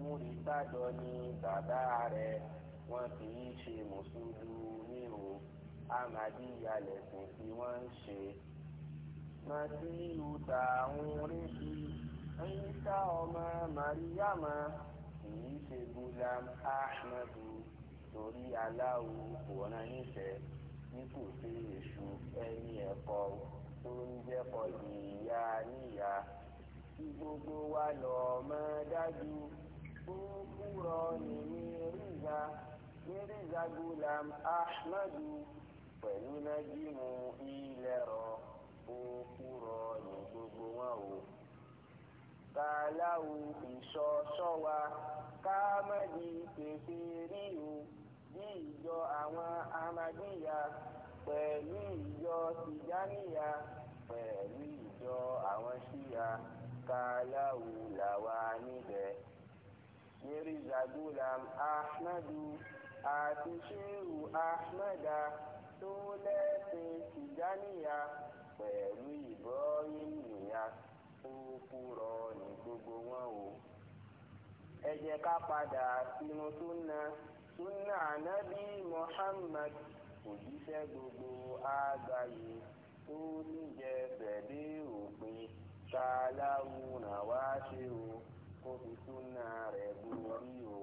múri gbàdọ ni bàbá rẹ̀ wọn kì í ṣe mùsùlùmí o amadiya lẹ̀sìn tí wọ́n ń ṣe. masiru ta ń rí sí ẹyíṣà ọmọ mariama kì í ṣe gulam ahmadu torí aláwo kò rán nífẹ̀ẹ́ bí kò sí èṣù ẹni ẹ̀kọ́ tó ń jẹ́kọ̀ọ́ ìyá níyà kí gbogbo wa lọ́ọ́ mọ́ dájú gbókùrọ̀ ní mírízà mírízà gulam ahmadu pẹ̀lú nájímù ilẹ̀rọ gbókùrọ̀ ní gbogbo wọn o. kàláwù ìṣọṣọ wa kámẹ́lì pèsè ríru bí ìjọ àwọn amadíyà pẹ̀lú ìjọ tìjáníyà pẹ̀lú ìjọ àwọn ṣíyà kàláwù làwa níbẹ̀ mirza gulam ahmadu àti shehu ahmada tó lẹ́sìn tìjáníyà pẹ̀lú ibrahim nìyà tó kúrọ ní gbogbo wọn o. ẹ jẹ́ ká padà sínú súnà súnà muhammad òjíṣẹ́ gbogbo àgbáyé tó níjẹsẹ̀ dé òpin ṣáláwù kó fi súnà rẹ̀ bu orí o.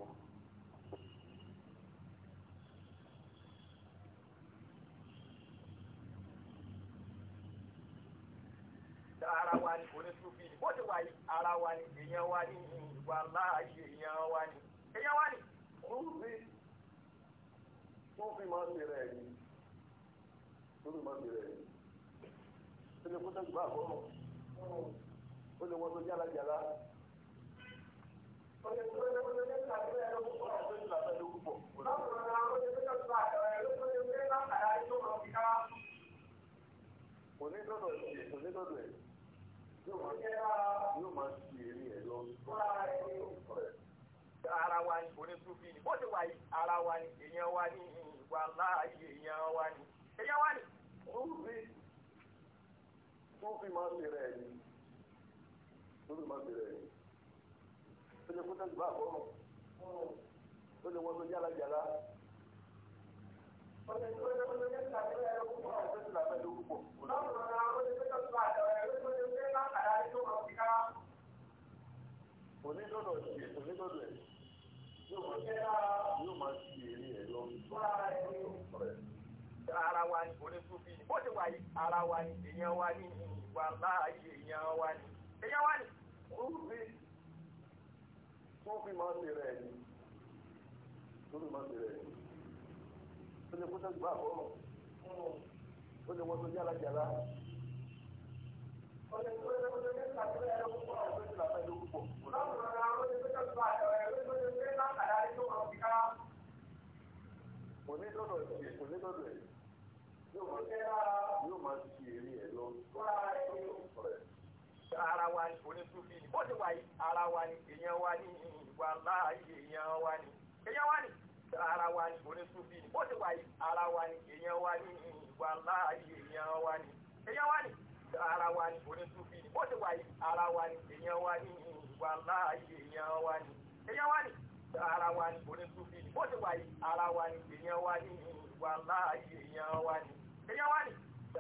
ara wa ni onísùfì bó ti wà yìí ara wa ni èèyàn wa ni ìwà láàyè èèyàn wa ni èèyàn wa ni. Súfì máa ń lè rẹ̀ yìí lórí ma bẹ̀rẹ̀ rẹ̀ ó lè kó sẹ́yìn bá àbọ̀ ó lè wọ́n tó yálà yálà kò ní lọ́dọ̀ ẹ̀ kò ní lọ́dọ̀ ẹ̀ yóò máa ṣe eré ẹ̀ lọ. ara wa ni onítúbí ni bó ti wà yìí ara wa ni èèyàn wa ni ìwà láàyè èèyàn wa ni èèyàn wa ni. túbí túbí máa ń bèrè ẹ̀ ni túbí máa ń bèrè ẹ̀ ni ó lè kó tẹ̀sí bá àkọ́rùn ó lè wọ́n tó yára yàrá. onídọ̀dọ̀ ṣe onídọ̀dọ̀ ẹ̀ yóò máa ṣe eré ẹ̀ lọ. ara wa ni onífúnfí ni bó ti wà yìí ara wa ni èèyàn wa ni ìwà láàyè èèyàn wa ni èèyàn wa ni tó fi máa ṣe rẹ̀ ni tó fi máa ṣe rẹ̀ ni ó lè kó sẹ́jú bá àbọ̀ ó lè wọ́n tó yára yàrá. ọ̀sẹ̀ tó yẹ kó tó yẹ kó tó yẹ kó tó yẹ kó tó yẹ kó tó kò ní lọ́dọ̀ ẹ̀ kò ní lọ́dọ̀ ẹ̀ yóò máa ṣe eré ẹ̀ lọ ara wa ni onísùfì ni bó ti wà yìí ara wa ni èèyàn wa ni ìwà láàyè èèyàn wa ni èèyàn wa ni ara wa ni onísùfì ni bó ti wà yìí ara wa ni èèyàn wa ni ìwà láàyè èèyàn wa ni èèyàn wa ni ara wa ni onísùfì ni bó ti wà ara wa ni èèyàn wa ni ìwà láàyè èèyàn wa ni èèyàn wa ni ara wa ni onísùfì ni bó ti wà ara wa ni èèyàn wa ni ìwà láàyè èèyàn wa ni èèyàn wa ni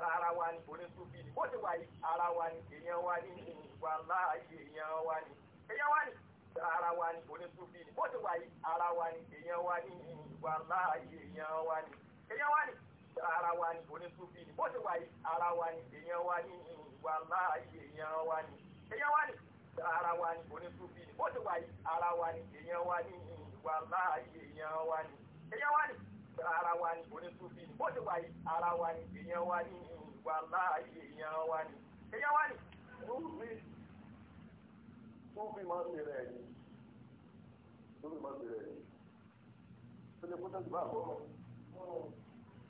ara wa ni onísùfì ni bó ti wà yìí ara wa ni èèyàn wa ni wà láàyè èèyàn wa ni èèyàn wa ni ara wa ni onísùfì ni bó ti wà yìí ara wa ni èèyàn wa ni wà láàyè èèyàn wa ni èèyàn wa ni ara wa ni onísùfì ni bó ti wà yìí ara wa ni èèyàn wa ni wà láàyè èèyàn wa ni èèyàn wa ni ara wa ni onísùfì ni bó ti wà yìí ara wa ni èèyàn wa ni wà láàyè èèyàn wa ni èèyàn wa ni ara wa ni onísùnfì ni bó ti wà yìí ara wa ni èèyàn wa ni ìwà láàyè èèyàn wa ni èèyàn wa ni. lórí sùnfì máa ń bèrè ẹni lórí máa ń bèrè ẹni ó lè kó sẹ́sì àbọ̀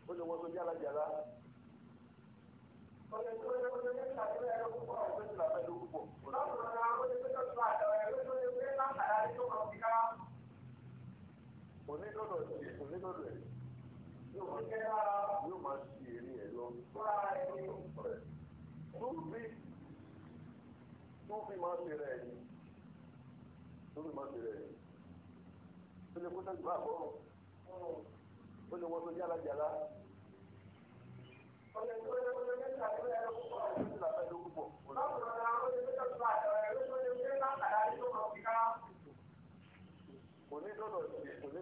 ó lè wọ́n tó yára yára. ọ̀sẹ̀ tó yẹ kó tó yẹ kí àdúrà ẹ̀rọ púpọ̀ ọ̀sẹ̀ tó ló púpọ̀. lọ́sọ̀rọ̀ náà ó lè tó tó tó àdọ̀ ẹ̀rọ tó yẹ kó kò ní lọ́dọ̀ ṣe kò ní lọ́dọ̀ ẹ̀ yóò máa ṣe eré ẹ̀ lọ. túbí túbí máa ṣe rẹ̀ ni túbí máa ṣe rẹ̀ ni ó lè kó sẹ́yìn bá àbọ̀rọ̀ ó lè wọ́n tó yára yára. ọ̀sẹ̀ tó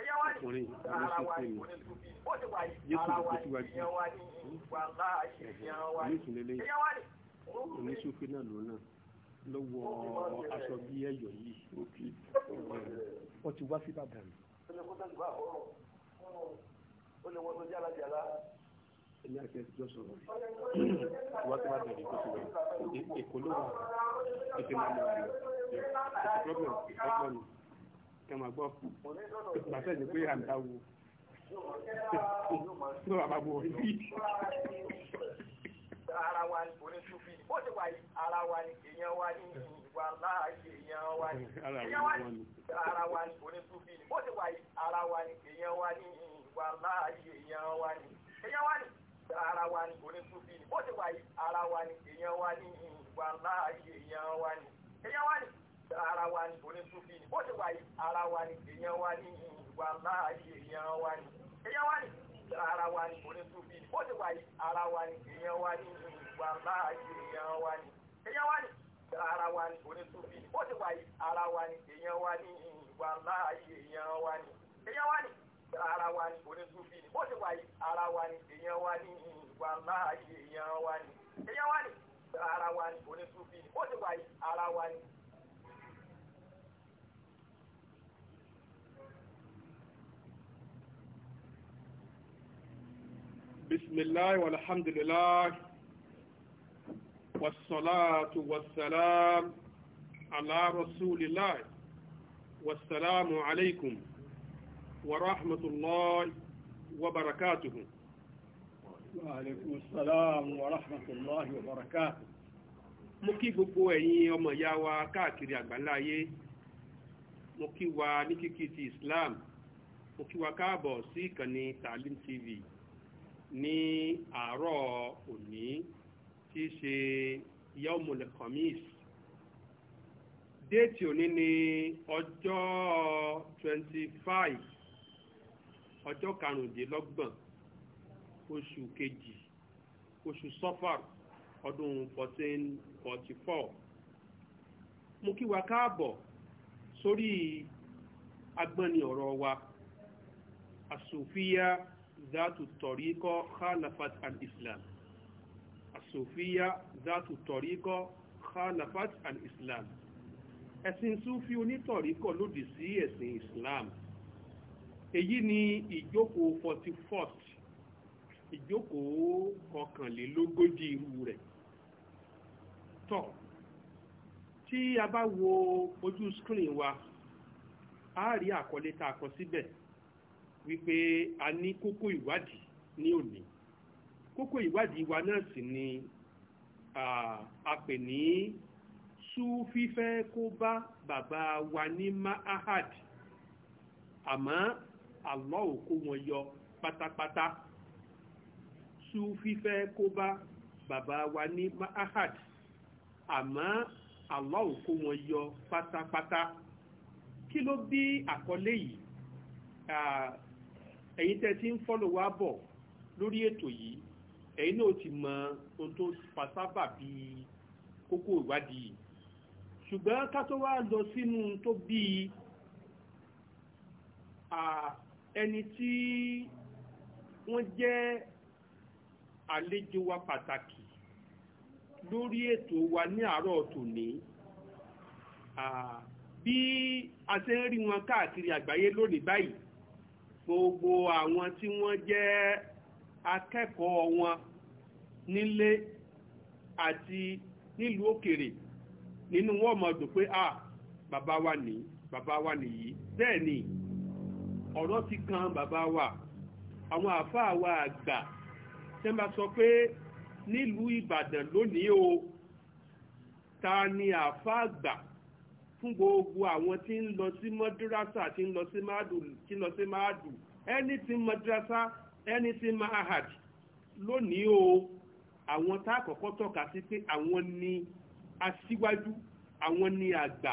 ọkùnrin àwọn sọ́kùnrin Jésù kò síwájú onísùnlélé onísùnfé náà ló náà lọ́wọ́ aṣọ bí ẹ̀yọ̀ yìí wọ́n ti wá sí bàbá mi. Èmi àti ẹ̀sìn jọ sọ̀rọ̀ wá sí bàbá mi kó sì wá èkó ló wà ètò ìlànà ìlú ètò problem problem ẹ máa gbọ́ ìgbàsẹ̀ ní pé àǹtà wo ní bàbá wo ibi. ara wa ni oníṣúfì bó ti wà yìí ara wa ni èèyàn wa ni ìwà láàyè èèyàn wa ni èèyàn wa ni ara wa ni oníṣúfì bó ti wà yìí ara wa ni èèyàn wa ni ìwà láàyè èèyàn wa ni èèyàn wa ni ara wa ni oníṣúfì bó ti wà yìí ara wa ni èèyàn wa ni ìwà láàyè èèyàn wa ni èèyàn wa ni ara wa ni onísúfì ni bó ti wà yìí ara wa ni èèyàn wa ni ìwà láàyè èèyàn wa ni èèyàn wa ni ara wa ni onísúfì ni bó ti wà yìí ara wa ni èèyàn wa ni ìwà láàyè èèyàn wa ni èèyàn wa ni ara wa ni onísúfì ni bó ti wà yìí ara wa ni èèyàn wa ni ìwà láàyè èèyàn wa ni èèyàn wa ni ara wa ni onísúfì ni bó ti wà yìí ara wa ni èèyàn wa ni ìwà láàyè èèyàn wa ni èèyàn wa ni ara wa ni onísúfì ni bó ti wà yìí ara wa ni. بسم الله والحمد لله والصلاة والسلام على رسول الله والسلام عليكم ورحمة الله وبركاته وعليكم السلام ورحمة الله وبركاته mo kí gbogbo ẹ̀yin ọmọ ìyá wa káàkiri àgbáláyé mo kí wa ní kíkí ti Islam mo kí wa káàbọ̀ sí ìkànnì Taalim TV ní àárọ̀ òní tí í ṣe yaumul khamis déètì òní ni ọjọ́ 25, five ọjọ́ karùndínlọ́gbọ̀n oṣù kejì oṣù sọ́fàr ọdún fourteen forty four mo kí wa káàbọ̀ sórí agbọ́ni ọ̀rọ̀ wa àsòfíà. ذات الطريقة خالفت الإسلام الصوفية ذات الطريقة خالفت الإسلام ẹ̀sìn súfí onítọ̀ríkọ̀ lòdì sí ẹ̀sìn Islam èyí ni ìjókòó 41st ìjókòó kọkànlélógójì irú rẹ̀ tọ̀ tí a bá wo ojú screen wa a rí àkọlé tá wípé a ní kókó ìwádìí ní òní kókó ìwádìí wa náà sì ni a pè ní sú fífẹ́ kó bá bàbá wa ní mahad àmọ́ Allah ò kó wọn yọ pátápátá sú fífẹ́ kó bá bàbá wa ní mahad àmọ́ Allah ò kó wọn yọ pátápátá kí ló bí àkọlé yìí ẹ̀yin tẹ́ ti ń fọ́lọ̀ wá bọ̀ lórí ètò yìí ẹ̀yin náà ti mọ ohun tó fasábà bí kókó ìwádìí ṣùgbọ́n ká tó wá lọ sínú tó bí ẹni tí wọ́n jẹ́ àlejò wa pàtàkì lórí ètò wa ní àárọ̀ tòní bí a ṣe ń rí wọn káàkiri àgbáyé lónìí báyìí gbogbo àwọn tí wọ́n jẹ́ akẹ́kọ̀ọ́ wọn nílé àti nílùú òkèrè nínú wọn mọ̀ dùn pé ah bàbá wa ní bàbá wa nìyí bẹ́ẹ̀ ni ọ̀rọ̀ ti kan bàbá wa àwọn àfáà wa àgbà tẹ́ bá sọ pé nílùú Ìbàdàn lónìí o ta ni àfáà àgbà fún gbogbo àwọn tí ń lọ sí madrasa, tí ń lọ sí máàdù tí ń lọ sí máàdù ẹni tí mọ́dúrásà ẹni tí máàhàd lónìí o àwọn tá a kọ́kọ́ tọ́ka sí pé àwọn ni aṣíwájú àwọn ni àgbà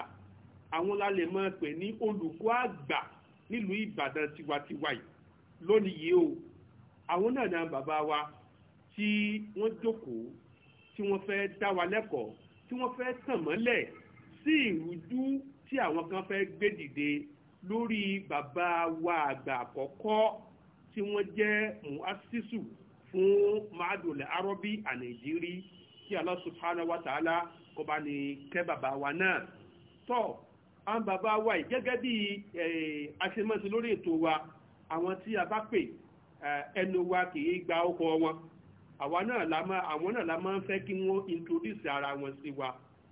àwọn la máa pè ní olùkọ́ àgbà nílùú Ìbàdàn tiwantiwa yìí lónìí yìí o àwọn náà náà bàbá wa tí wọ́n jókòó tí wọ́n fẹ́ dá wa lẹ́kọ̀ọ́ tí wọ́n fẹ́ tàn mọ́lẹ̀ sí ìrújú tí àwọn kan fẹ́ gbé dìde lórí bàbá wa àgbà àkọ́kọ́ tí wọ́n jẹ́ muasisu fún maadùlẹ̀ arọ́bí à nàìjírí kí Allah subhanahu wa ta'ala kó bá ní kẹ́ bàbá wa náà tọ́ àwọn bàbá wa yìí gẹ́gẹ́ bí aṣemọ́sí lórí ètò wa àwọn tí a bá pè ẹnu wa kì í gba ọkọ̀ wọn àwọn náà la máa ń fẹ́ kí wọ́n introduce ara wọn sí wa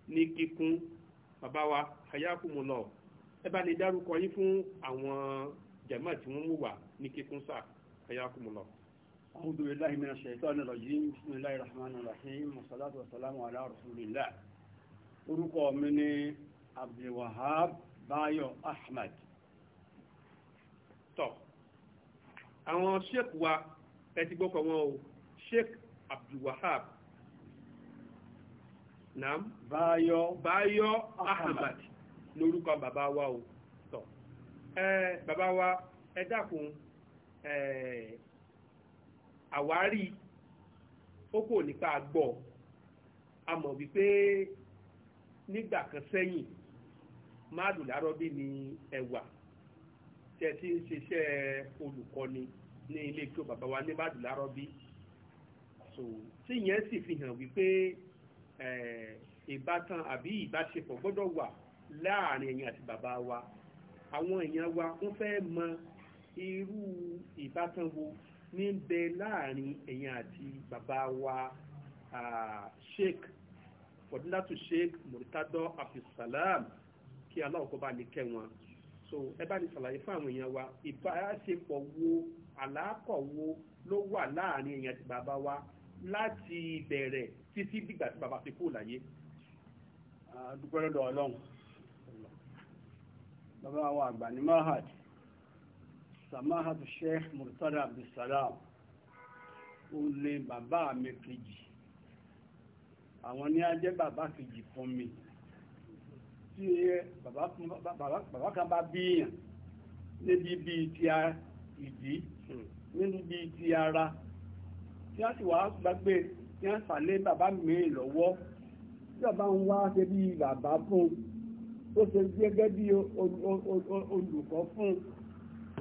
ní kíkún bàbá wa ayakumulọ ẹ bá lè dárúkọ yín fún àwọn jàmá tí wọ́n mú wá ní kíkún sáà ayakumulọ. أعوذ بالله من الشيطان الرجيم بسم الله الرحمن الرحيم والصلاة والسلام على رسول الله orúkọ mi ni Abdulwahab Bayo Ahmed tọ́ àwọn sheik wa ẹ ti gbọ́kọ̀ wọn o sheik Abdulwahab nam Bayo, Bayo, ahmad lórúkọ bàbá wa o tọ̀ ẹ bàbá wa ẹ dákun ẹ àwárí ó kò nípa gbọ́ a mọ̀ wípé nígbà kan sẹ́yìn máàlù lárọ́bí ni ẹ̀wà tẹ́ ti ń ṣiṣẹ́ olùkọ́ni ní ilé kí bàbá wa ní máàlù lárọ́bí so tíyẹn sì fi hàn wípé Eh, ìbátan àbí ìbáṣepọ̀ gbọ́dọ̀ wà láàrin ẹ̀yin àti bàbá wa àwọn èèyàn wa wọ́n fẹ́ mọ irú ìbátan wo ní bẹ láàrin ẹ̀yin àti bàbá wa sheikh fọdúnlátù sheikh murtado abdulsalam kí aláwọ̀ kọ́ bá ní kẹ́ wọn so ẹ bá ní sàlàyé fún àwọn èèyàn wa ìbáṣepọ̀ wo àlàkọ̀ wo ló wà láàrin ẹ̀yin àti bàbá wa láti ìbẹ̀rẹ̀ títí dìgbà tí bàbá fi kú láyé. àdúgbò lọ́dọ̀ ọlọ́run bàbá wa àgbà ní mahad samahatu sheikh murtada abdulsalam ó ní bàbá mi kejì àwọn ní ajẹ́ bàbá kejì fún mi tí bàbá kan bá bíyàn níbi bí ti ìdí hmm. níbi bí ti ara tí a sì wá gbàgbé tí wọ́n fà lé bàbá mi lọ́wọ́ bàbá ń wá ṣe bí bàbá fún ó ṣe gẹ́gẹ́ bí olùkọ́ fún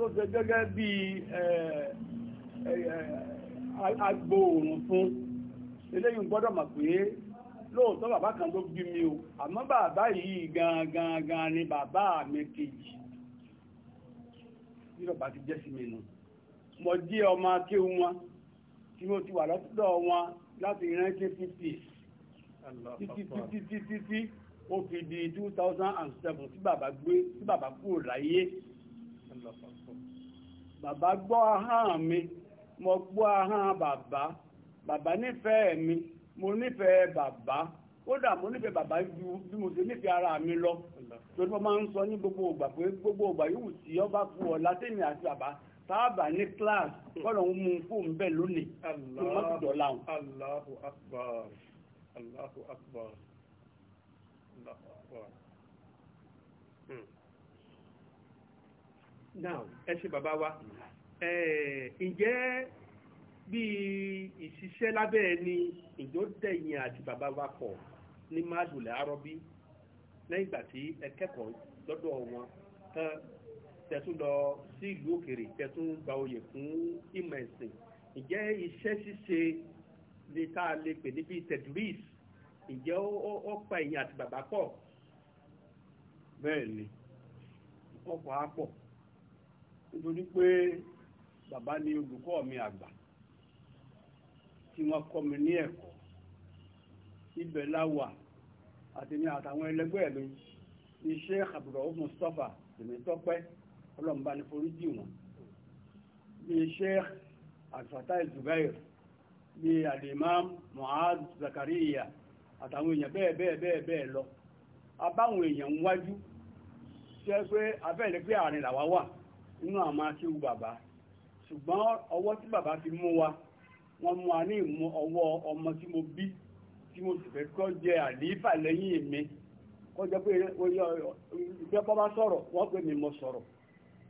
ó ṣe gẹ́gẹ́ bí agbóòrùn fún eléyìn gbọ́dọ̀ mọ̀ pé lóòótọ́ bàbá kan ló bí mi o àmọ́ bàbá yìí gangan gan ni bàbá mi kejì nílọ̀bá ti jẹ́ sí mi nù mo jẹ́ ọmọ akéwọn tí mo ti wà lọ́tọ́dọ̀ wọn láti ìrántí títí títí títí tí ó fi di 2007 tí bàbá gbé tí bàbá kúrò láyé bàbá gbọ́ ahán mi mo gbọ́ ahán bàbá bàbá nífẹ̀ẹ́ mi mo nífẹ̀ẹ́ bàbá kódà mo nífẹ̀ẹ́ bàbá ju bí mo ṣe nífẹ̀ẹ́ ara mi lọ torí mo máa ń sọ ní gbogbo ògbà pé gbogbo ògbà yóò tí ọba fún ọ látẹ̀yìn àti bàbá táàbà ní class hmm. kọ́lọ̀ ń mú fóun bẹ́ẹ̀ lónìí tó má ti dọ̀la wọn. Allahu akbar Allahu akbar Allahu akbar. Hmm. now ẹ ṣe bàbá wa ǹjẹ́ bí ìṣiṣẹ́ lábẹ́ ẹni ìjọ dẹ̀yìn àti bàbá wa pọ̀ ní máàlù làárọ̀ bí lẹ́yìn ìgbà tí ẹ kẹ́kọ̀ọ́ lọ́dọ̀ wọn tán tẹ̀tún lọ sí ìlú òkèrè tẹ̀tún gba oyè fún ìmọ̀ ẹ̀sìn ǹjẹ́ iṣẹ́ ṣíṣe lè tá a lè pè níbi tedris ǹjẹ́ ó pa ẹ̀yìn àti bàbá pọ̀. bẹ́ẹ̀ ni ọkọ̀ á pọ̀ nítorí pé bàbá ni olùkọ́ mi àgbà tí wọ́n kọ́ mi ní ẹ̀kọ́ ibẹ̀ láwà àti ní àtàwọn ẹlẹgbẹ́ mi ní Sheikh Abdulrahman Mustapha tèmi tọ́pẹ́ ọlọ́mbà ní foríjì wọn bí sheikh alfatai zubair bí alimam zakariya àtàwọn èèyàn bẹ́ẹ̀ bẹ́ẹ̀ bẹ́ẹ̀ lọ abáwọn èèyàn ń wájú ṣe pé abẹ́ẹ̀lẹ́ pé wà nínú bàbá ṣùgbọ́n ọwọ́ tí bàbá fi mú wa wọ́n mú wa ní ìmú ọwọ́ ọmọ mo bí tí mo sì fẹ́ kọ́ jẹ mi pé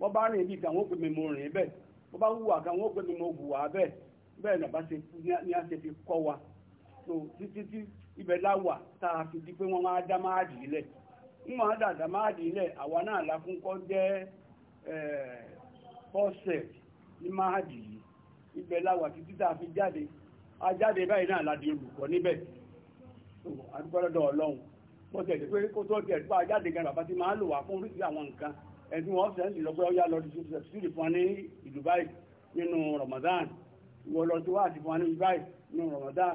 wọ́n bá rìn ibi kan wọ́n pè mí mo rìn bẹ́ẹ̀ wọ́n bá hùwà kan wọ́n mo hùwà bẹ́ẹ̀ bẹ́ẹ̀ nàbá ṣe ní a ṣe fi kọ́ wa so títí tí ibẹ̀ láwà tá a fi di pé wọ́n máa dá máa dì í lẹ̀ ń máa dàda máa dì í lẹ̀ àwa náà jẹ́ ní máa dì í ibẹ̀ láwà títí tá a fi jáde a jáde báyìí náà olùkọ́ níbẹ̀ so ọlọ́run ẹni wọn fẹ́ lọ́gbẹ́ ọ̀yá lọ́dún tó fẹ́ sí ìfọn ní Dubai nínú Ramadan ìwọ lọ sí wáàdì fún wa ní Dubai nínú Ramadan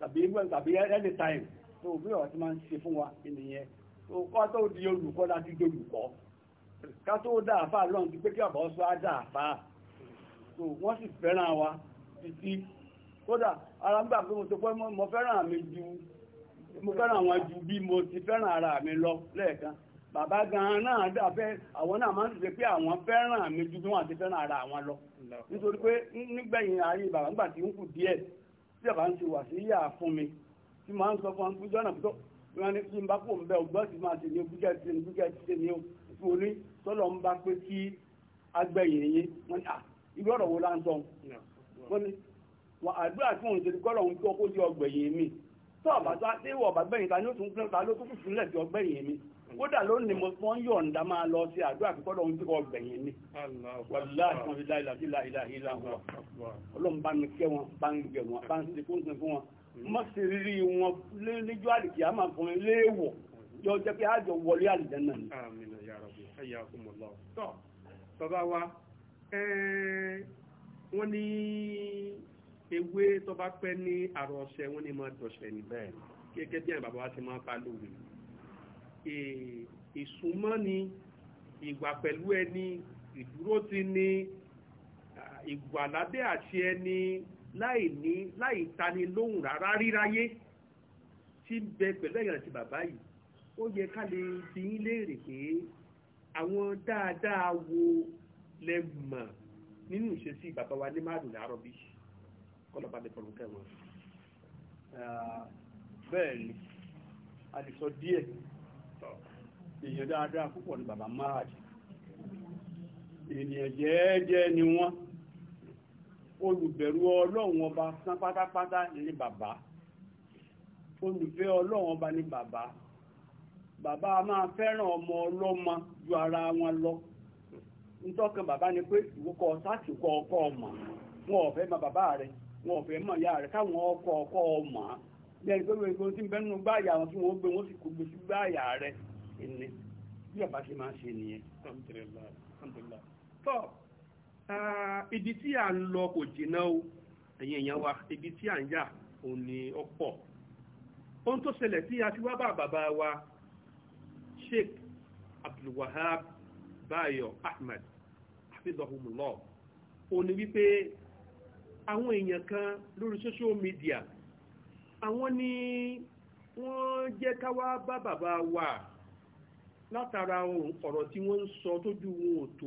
tàbí ìgbẹ́ tàbí any time tó bí ọ̀rọ̀ ti máa ń ṣe fún wa nìyẹn tó kọ́ tó di olùkọ́ láti di olùkọ́ ká tó dá àfà lọ́n ti pé kí ọ̀bọ̀ sọ á dá àfà tó wọ́n sì fẹ́ràn wa títí kódà ara ń gbà pé mo tó pẹ́ mo fẹ́ràn mi ju mo fẹ́ràn wọn ju bí mo ti fẹ́ràn ara mi lọ lẹ́ẹ̀kan bàbá gan-an náà dàbẹ́ àwọn náà máa ń ṣe pé àwọn fẹ́ràn mi ju bí wọ́n ti fẹ́ràn ara àwọn lọ nítorí pé nígbẹ̀yìn ayé bàbá ńgbà tí ń kù díẹ̀ tí bàbá ń ṣe wà sí yà fún mi tí máa ń sọ fún ọdún jọ́nà tó wọn ní kí n bá kó ń bẹ ọgbọ́n ti máa ṣe ní ogúnjẹ́ ti ní ogúnjẹ́ ti ní fún ní tọ́lọ̀ ń bá pé kí agbẹ̀yìn yín wọn ni irú ọ̀rọ̀ wo la ń sọ wọn ni wọn àdúrà tí wọn ṣe ní kọ́lọ̀ ń tó kó jẹ́ ọgbẹ̀yìn mi tó ọ̀bà tó àti ìwọ̀ ọ̀bà gbẹ̀yìn ta ni ó tún fún ta ló tún fún sílẹ̀ sí ọgbẹ̀yìn mi kódà lónìí mo wọ́n yọ̀ǹda máa lọ sí àdúrà pípọ́ lọ́wọ́n tí wọ́n gbẹ̀yìn ni wàláhìí láìláìláìlá wọn ọlọ́run bá mi kẹ́ wọn bá ń gbẹ̀ wọn bá ń ṣe fún ṣe fún wọn hmm. má sì rí wọn níjọ́ àlìkì àmà fún mi léèwọ̀ yọ jẹ́ pé àjọ wọlé àlìjẹ́nà ni. bàbá wa wọ́n ní ewé tó bá pẹ́ ní àrọ̀ ọ̀sẹ̀ wọ́n ní máa dọ̀ṣẹ̀ ní bẹ́ẹ̀ kéèké bí àwọn bàbá wa ti máa ká lóore ìsúnmọ́ni ìgbà pẹ̀lú ẹni ìdúró ti ni ìgbà lábẹ́ àti ẹni láì ní láì tani lóhùn rárá ríráyé tí ń bẹ pẹ̀lú ẹ̀yàn àti bàbá yìí ó yẹ ká lè fi yín léèrè pé àwọn dáadáa wo lẹ mọ̀ nínú ìṣesí bàbá wa ní márùn láàárọ̀ bí kọ́lọ̀ lè fọ̀rọ̀ kẹwọn. bẹ́ẹ̀ ni a lè sọ díẹ̀ èèyàn dáadáa púpọ̀ ní bàbá Mahad ènìyàn jẹ́ẹ́jẹ́ ni wọ́n olùbẹ̀rù ọlọ́run ọba sán pátápátá ní bàbá olùfẹ́ ọlọ́run ọba ní bàbá bàbá a máa fẹ́ràn ọmọ ọlọ́mọ ju ara wọn lọ nítọ́kan bàbá ni pé sáàtì kọ ọkọ ọmọ wọn ò bàbá rẹ̀ wọn ò fẹ́ mọ rẹ̀ káwọn ọkọ ọkọ ọmọ ilé bí ọba ṣe máa ṣe nìyẹn alhamdulillah alhamdulillah tó ibi tí à ń lọ kò jìnnà o ẹ̀yin èèyàn wa ibi tí à ń yà ò ní ọ̀pọ̀ ohun tó ṣẹlẹ̀ tí a fi wá bá bàbá wa Sheikh Abdulwahab Bayo Ahmed hafizahumullah ó ní wípé àwọn èèyàn kan lórí social media àwọn ni wọ́n jẹ́ ká wá bá bàbá wa látara ọ̀rọ̀ tí wọ́n ń sọ tójú wọn ò tó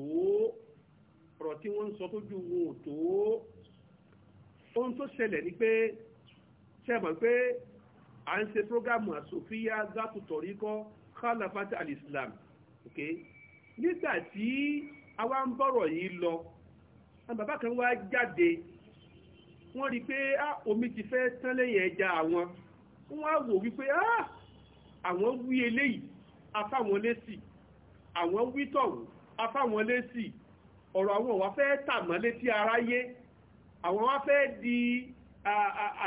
ọ̀rọ̀ tí wọ́n ń sọ tójú wọn ò tó ohun tó ṣẹlẹ̀ ni pé ṣe mọ̀ pé à ń ṣe prógámù àsòfíà zátùtọ̀rí kọ́ khalafat al-islam ok nígbà tí a wá ń bọ̀rọ̀ yìí lọ bàbá kan wá jáde wọ́n rí pé omi ti fẹ́ tán lẹ́yìn ẹja àwọn wọ́n á wò wípé àwọn wí eléyìí afáwọn lésì àwọn wítọ̀wù afáwọn lésì ọ̀rọ̀ àwọn wá fẹ́ tàmọ́ létí aráyé àwọn wá fẹ́ di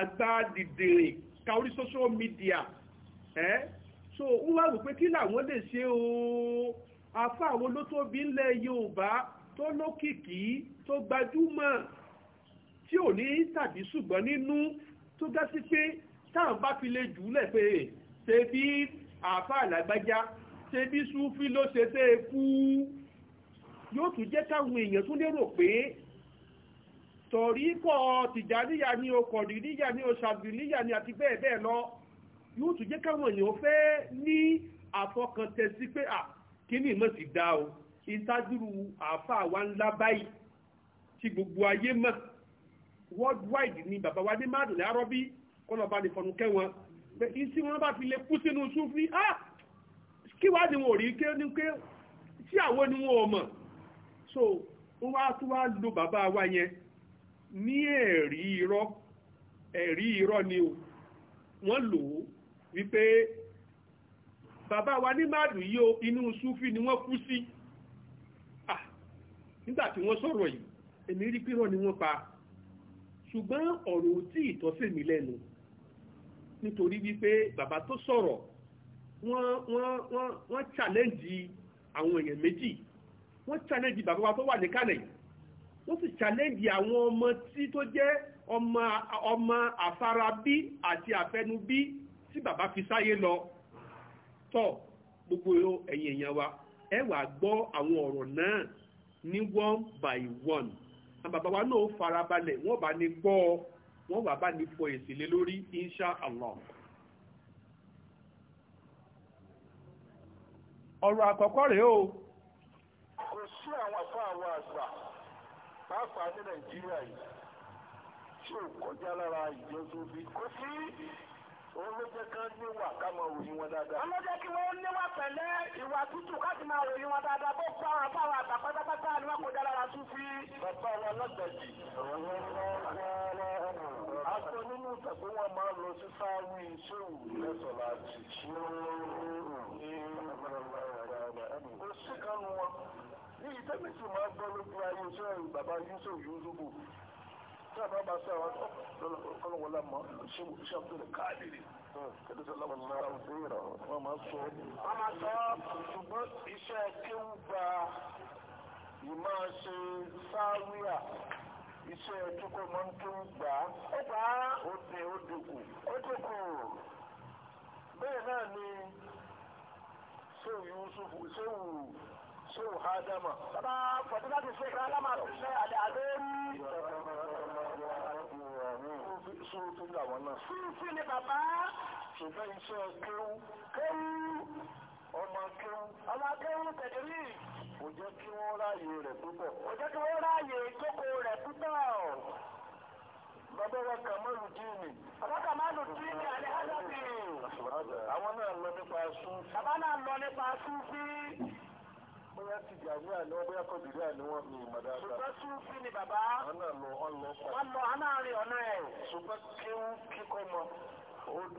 àgbà dìdìrìn káórí social media ẹ́ so wọ́n wá wò pé kí làwọn lè ṣe o afáwọn ló tó bí ńlẹ̀ Yorùbá tó lókìkí tó gbajúmọ̀ tí ò ní tàbí ṣùgbọ́n nínú tó dá sí pé táwọn bá fi lè jùúlẹ̀ pé ṣe bí àfà àlágbájá ṣe bí súfí ló ṣe tẹ́ kú yóò tún jẹ́ káwọn èèyàn tún lérò pé tọ̀ríkọ̀ tìjàníyà ni o kọ̀dìníyà ni o ṣàbìníyà ni àti bẹ́ẹ̀ bẹ́ẹ̀ lọ yóò tún jẹ́ káwọn èèyàn fẹ́ ní àfọkàntẹ̀sí pé à kí ni ìmọ̀ ti dá o ìtajúrù àfà wa ńlá báyìí tí gbogbo ayé mọ̀ worldwide ni bàbá wa ní mádùn lárọ́bí kọ́nà bá ní fọnù kẹ́wọn bẹ̀tí tí wọ́n bá fi lè kú sínú súnfí ah kí wá ni wọn ò rí ké ní pé tí àwọ ni wọn ò mọ̀ so wọ́n wá tún wá lo bàbá wa yẹn ní ẹ̀rí irọ́ ẹ̀rí irọ́ ni o wọ́n lò ó wípé bàbá wa ní máàdù yìí o inú súnfí ni wọ́n kú sí ah nígbà tí wọ́n sọ̀rọ̀ yìí èmi rí pírọ̀ ni wọ́n pa ṣùgbọ́n ọ̀rọ̀ ò tí ì tọ́sẹ̀mí lẹ́nu nítorí wípé bàbá tó sọ̀rọ̀ wọ́n wọ́n wọ́n wọ́n challenge àwọn èèyàn méjì wọ́n challenge bàbá wa tó wà níkàlẹ̀ wọ́n sì challenge àwọn ọmọ tí tó jẹ́ ọmọ ọmọ àfarabí àti àfẹnubí tí bàbá fi sáyé lọ tọ́ gbogbo ẹ̀yin èèyàn wa ẹ wá gbọ́ àwọn ọ̀rọ̀ náà ní one by one àwọn bàbá wa náà farabalẹ̀ wọ́n bá ní gbọ́ ọ wọ́n wà bá ní fọ èsì lé lórí insha allah ọ̀rọ̀ àkọ́kọ́ rèé o kò sí àwọn àfá àwọn àgbà pàápàá ní nàìjíríà yìí tí ò kọjá lára ìjọ tó fi kó sí òun ló níwà ká máa wọn dáadáa. wọ́n kí wọ́n níwà pẹ̀lẹ́ ìwà tútù ká máa ròyìn wọn dáadáa bó pa àwọn àfá àwọn àgbà pátápátá ni wọ́n kọjá lára tó fi. bàbá wa lọ́jọ́ jì aṣọ nínú ìtàgbé wọn máa lọ sí sáré iṣẹ́ òwúrọ̀ sọ̀lá àti tí ó ń kó sí kánú wọn. ní ìtẹ́mi sì máa gbọ́ lójú ayé iṣẹ́ bàbá Yusuf Yusufu tí a bá bá sọ àwọn ọlọ́wọ́lá mọ́ ṣe àbúrò káàdìrì kẹ́lẹ́ sọ lọ́wọ́ náà wọ́n máa sọ wọ́n máa sọ ṣùgbọ́n iṣẹ́ kéwù gba ìmáa ṣe sáwíà iṣẹ́ ẹ̀túkọ̀ máa ń tún gbà á. ó gbà á ó dé ó bẹ́ẹ̀ náà ni sèwù Yusuf sèwù sèwù Hadama. bàbá fọ̀tí láti ṣe kí aláma ṣe àlẹ́ àlẹ́ rí. sùúrù àwọn náà. sùúrù ni bàbá. ṣùgbọ́n iṣẹ́ kéwú kéwú ọmọ kéwú. ọmọ kéwú tẹ̀lé rí kò jẹ́ kí wọ́n ráàyè rẹ̀ púpọ̀. kò jẹ́ kí wọ́n ráàyè ìjókòó rẹ̀ púpọ̀. bàbá wa kàmáàlù díìnì. bàbá kàmáàlù díìnì àlẹ́ hádàbì. àwọn náà lọ nípa sún. bàbá náà lọ nípa sún sí. bóyá ti jà ní àná bóyá kọ̀bìrì àná wọn mi ìmọ̀ dáadáa. ṣùgbọ́n sún sí ni bàbá. wọn náà lọ wọn lọ pa. wọn lọ àná rìn ọ̀nà ẹ̀. ṣùgbọ́n kí wọ́n kíkọ́ mọ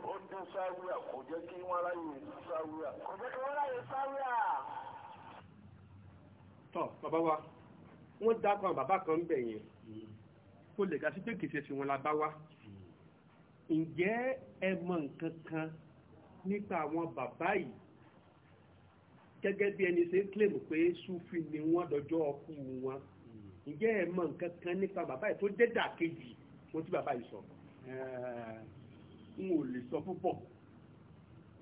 ó dé sáwíà kò jẹ́ kí wọ́n ráyè sáwíà. kò jẹ́ kí wọ́n ráyè sáwíà tọ́ bàbá wa wọ́n dákan bàbá kan bẹ̀ yẹn kó lè ga sí pé kìí ṣẹ̀ṣẹ̀ wọn la bá wa ǹjẹ́ ẹ mọ nǹkan kan nípa àwọn bàbá yìí gẹ́gẹ́ bí ẹni ṣe ń kílèmù pé sufi ni wọ́n dọjọ́ ọkú wọn ǹjẹ́ ẹ mọ nǹkan kan nípa bàbá yìí tó jẹ́ dàkejì wọ́n tí bàbá yìí sọ n ò lè sọ púpọ̀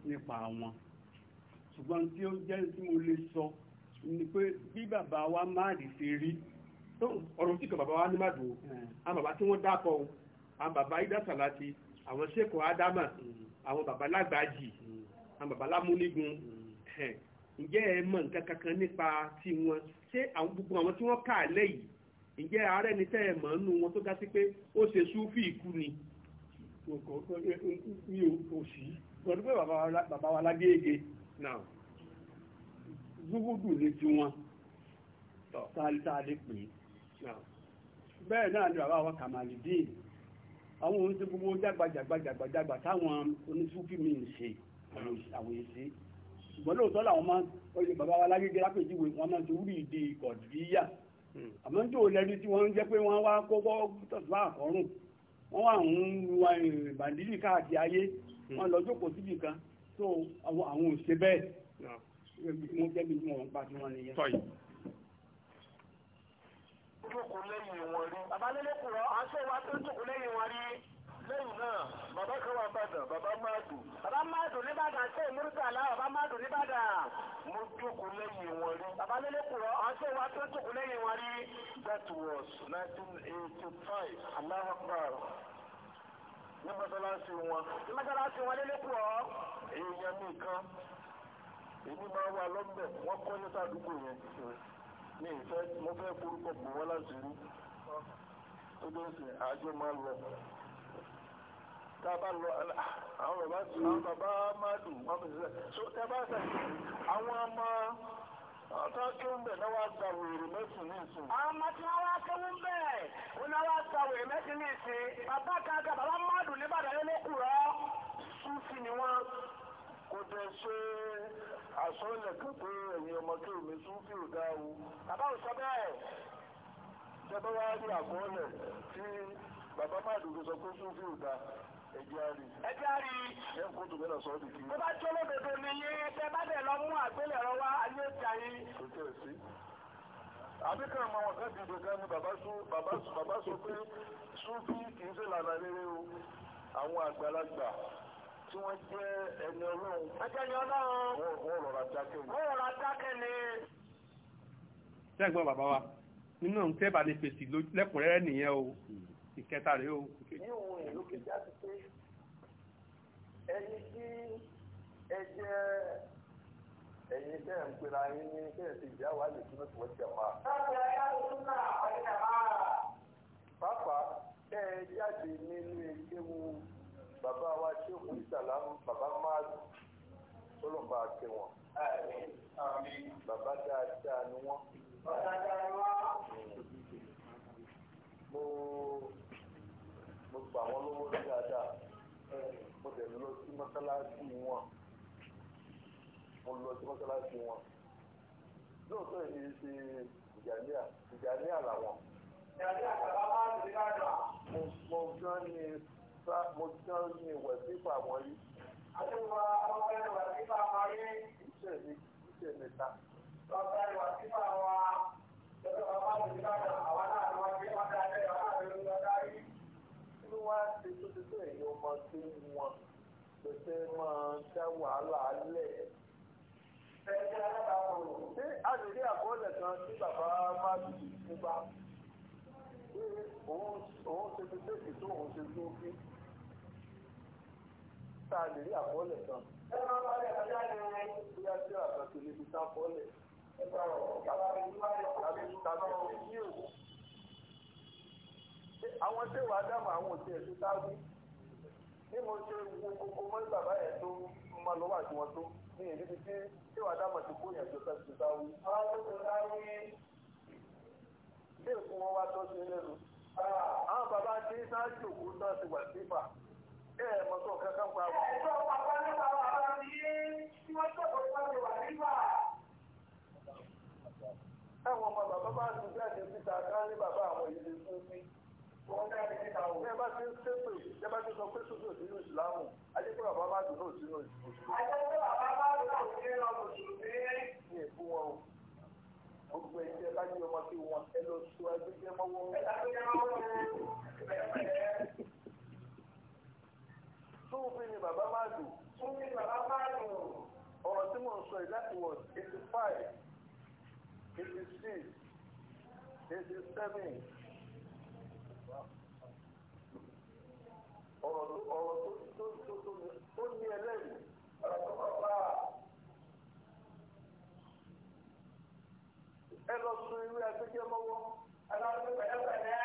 nípa wọn ṣùgbọ́n tí ó jẹ́ tí mo lè sọ ni pé bí bàbá wa máàdì ṣe rí ọ̀rọ̀ tí kan bàbá wa ní màdùn hmm. àwọn bàbá tí wọ́n dákọ̀ àwọn bàbá idasalati àwọn sẹ́kọ̀ọ́ ádámà hmm. àwọn bàbá lágbàájì hmm. àwọn bàbá lámúnigun ǹjẹ́ ẹ mọ̀ nǹkan kankan nípa tiwọn ṣé àwọn gbogbo àwọn tí wọ́n kà lẹ́yìn ǹjẹ́ ààrẹ ní tẹ́ ẹ̀ mọ̀ nínú wọn tó ga pé ó ṣe súfì ikú ni mi ò sí gbọdọ̀ pé bàbá wa lágbègbè náà zúgúdù ní tiwọn tààlítàálé pè bẹ́ẹ̀ náà ni bàbá wa kàmàlìdín àwọn ohun tí gbogbo jágbàjàgbàjàgbàjàgbà táwọn oníṣúfì mi ń ṣe àwọn èsì ṣùgbọ́n lóòótọ́ làwọn máa ń bàbá wa lágége lápèjúwe wọn máa ń torí ìdí ìkọ̀díyà hmm. àmọ́ ń jò lẹ́ni tí wọ́n ń jẹ́ pé wọ́n wá kókó tọ̀síwá àkọ́rùn wọ́n wà ń wa ìbàdílì káàkiri ayé hmm. wọ́n lọ jókòó síbì kan tó àwọn òṣè bẹ́ẹ̀ mo jẹ́ bí wọ́n pa tí wọ́n ní yẹn. tọ́yì. jókòó lẹ́yìn wọn rí abálélẹ́kùrọ̀ aṣọ wa tó jókòó lẹ́yìn wọn rí lẹ́yìn náà bàbá kan wà bàdàn bàbá máàdù bàbá máàdù nìbàdàn ṣé múrùtàlá bàbá máàdù nìbàdàn mo jókòó lẹ́yìn wọn rí abálélẹ́kùrọ̀ aṣọ wa tó jókòó lẹ́yìn wọn rí that was nineteen eighty five Allahu Akbar ní mọ́sálásí wọn ní mọ́sálásí wọn lélẹ́kùrọ̀ èèyàn nìkan èmi máa wà lọ́mbẹ̀ wọ́n kọ́ ní sàdúgbò yẹn ní ìfẹ́ mo fẹ́ forúkọ bò wọ́n láti rí tó bẹ́ẹ̀ sì àjọ máa lọ tá a bá lọ àwọn bàbá tí àwọn bàbá máa dùn wọ́n fi ṣiṣẹ́ so tá a bá ṣàṣì àwọn ọmọ ọ̀tọ́ kí ń bẹ̀ náà wá gba wèrè mẹ́sì ní ìsìn. àwọn ọmọ tí wọ́n wá kéwú ń bẹ̀ wọ́n náà wá gba wèrè mẹ́sì ní ìsìn bàbá kan kan bàbá máa dùn nígbàdàn lé lókùrọ́ sùn sí ni wọ́n kó jẹ ṣé kan pé ẹ̀yin ọmọ kí omi tún fi ò dáa o àbáwò sọ bẹ́ẹ̀ tẹ́bẹ́ wá rí àkọọ́lẹ̀ tí bàbá Mádùúgbò sọ pé tún fi ò dáa ẹjáàrí. ẹjáàrí. ẹ kó tó mẹ́ta sọ́ọ́ di kí. bá jọ lódodo ni yín tẹ bá dẹ̀ lọ mú àgbélẹ̀rọ wá ayé ìjà yín. kò sí. àbí kan mọ ọ̀gá dìde gan ni bàbá sọ bàbá sọ pé súnfì kì í ṣe lànà rere o àwọn àgbàlagbà tí wọ́n jẹ́ ẹni ọlọ́run. ẹjẹ́ ni ọlọ́run. wọ́n rọra dákẹ́ ni. wọ́n rọra dákẹ́ ni. sẹ́gbọ́n bàbá wa nínú tẹ́ bá lè fèsì lẹ́kùnrẹ́rẹ́ nìyẹn o ìkẹta rèé o. níwọ̀n ìlú kejì á ti pé ẹni tí ẹ jẹ́ ẹ̀yin tẹ́ ń pera yín ní tẹ́ ti jẹ́ àwọn àlè tí wọ́n ti wọ́n ti àmà. pápá ẹ jáde nínú ekewu bàbá wa ṣéèkù ìsàlámù bàbá máàlù tọ́lọ̀mbà àti wọn. bàbá dáadáa ni wọ́n. mo mo gbà wọ́n lówó dáadáa mo dẹ̀ lọ sí mọ́sálásí wọn mo lọ sí mọ́sálásí wọn lóòótọ́ yìí ṣe ìjàníà ìjàníà làwọn. ìjàníà bàbá máàlù ní káàdùn. mo gan ni sá mo jẹ́ ní ìwẹ̀ pípa wọ́n yìí. àdúgbò àwọn ìwẹ̀ pípa wọ́n yìí. iṣẹ́ mi iṣẹ́ mi ta. lọ́sẹ̀ ìwẹ̀ pípa wa lọ́sẹ̀ bàbá mi ti bàbá àwọn náà ni wọ́n ti wọ́n dá ilé àwọn náà ni wọ́n dá yìí. kí ló wá ṣe tó ti tó èyí ọmọ tó ń wọn pèsè máa dá wàhálà lẹ̀. ṣé a lè rí àkọọ́lẹ̀ kan tí bàbá má ti ti bá? òun ṣe ti tẹ́sí tó òun ṣe tó bí tá a lè rí àkọọ́lẹ̀ kan. ẹ máa bá lẹ̀ ọjà ní bóyá tí wàá kan ti lè fi sáfọ́lẹ̀. ẹ bá ọ̀rọ̀ tàbí tàbí tàbí yóò. àwọn tí wàá dámọ̀ àwọn òtí ẹ̀ tó sáwí. bí mo ṣe wo gbogbo mọ́ bàbá yẹn tó máa lọ́wọ́ àti wọn tó ní ìdíbi tí tí wàá dámọ̀ ti kó yẹn tó sáwí. àwọn tó sáwí. bí èkó wọn wá tọ́ sí lẹ́nu. Ah. àwọn bàbá tí sáájú ẹ mọ̀ tó kankan pa wọn. ẹ̀sọ́ pàpà nípa wọn àbá mi yé tí wọ́n tẹ̀kọ̀ tí wọ́n ti wà nígbà. táwọn ọmọ bàbá bá ti jáde síta ká ní bàbá àwọn ìlú fún mi. wọ́n jáde síta o. ẹ bá ti ń ṣépè ẹ bá ti sọ pé sódò sínú ìsìlámù ajé pé bàbá bá dùn sínú ìsìlámù. ajé pé bàbá bá dùn sínú mùsùlùmí. ní èkó wọn o gbogbo ẹ̀jẹ̀ bá yí ọmọ sófin ni bàbá máa dùn. sófin bàbá máa dùn. ọ̀rọ̀ tí mò ń sọ yìí láti wọ̀ eighty five eighty six eighty seven. ọ̀rọ̀ tó ọ̀rọ̀ tó tó tó tó ní ẹlẹ́yìn. ọ̀rọ̀ tó kọ́ bá a. ẹ lọ sun irú ẹgbẹ́jẹ́ mọ́wọ́. ẹ lọ sun pẹ̀lẹ́pẹ̀lẹ́.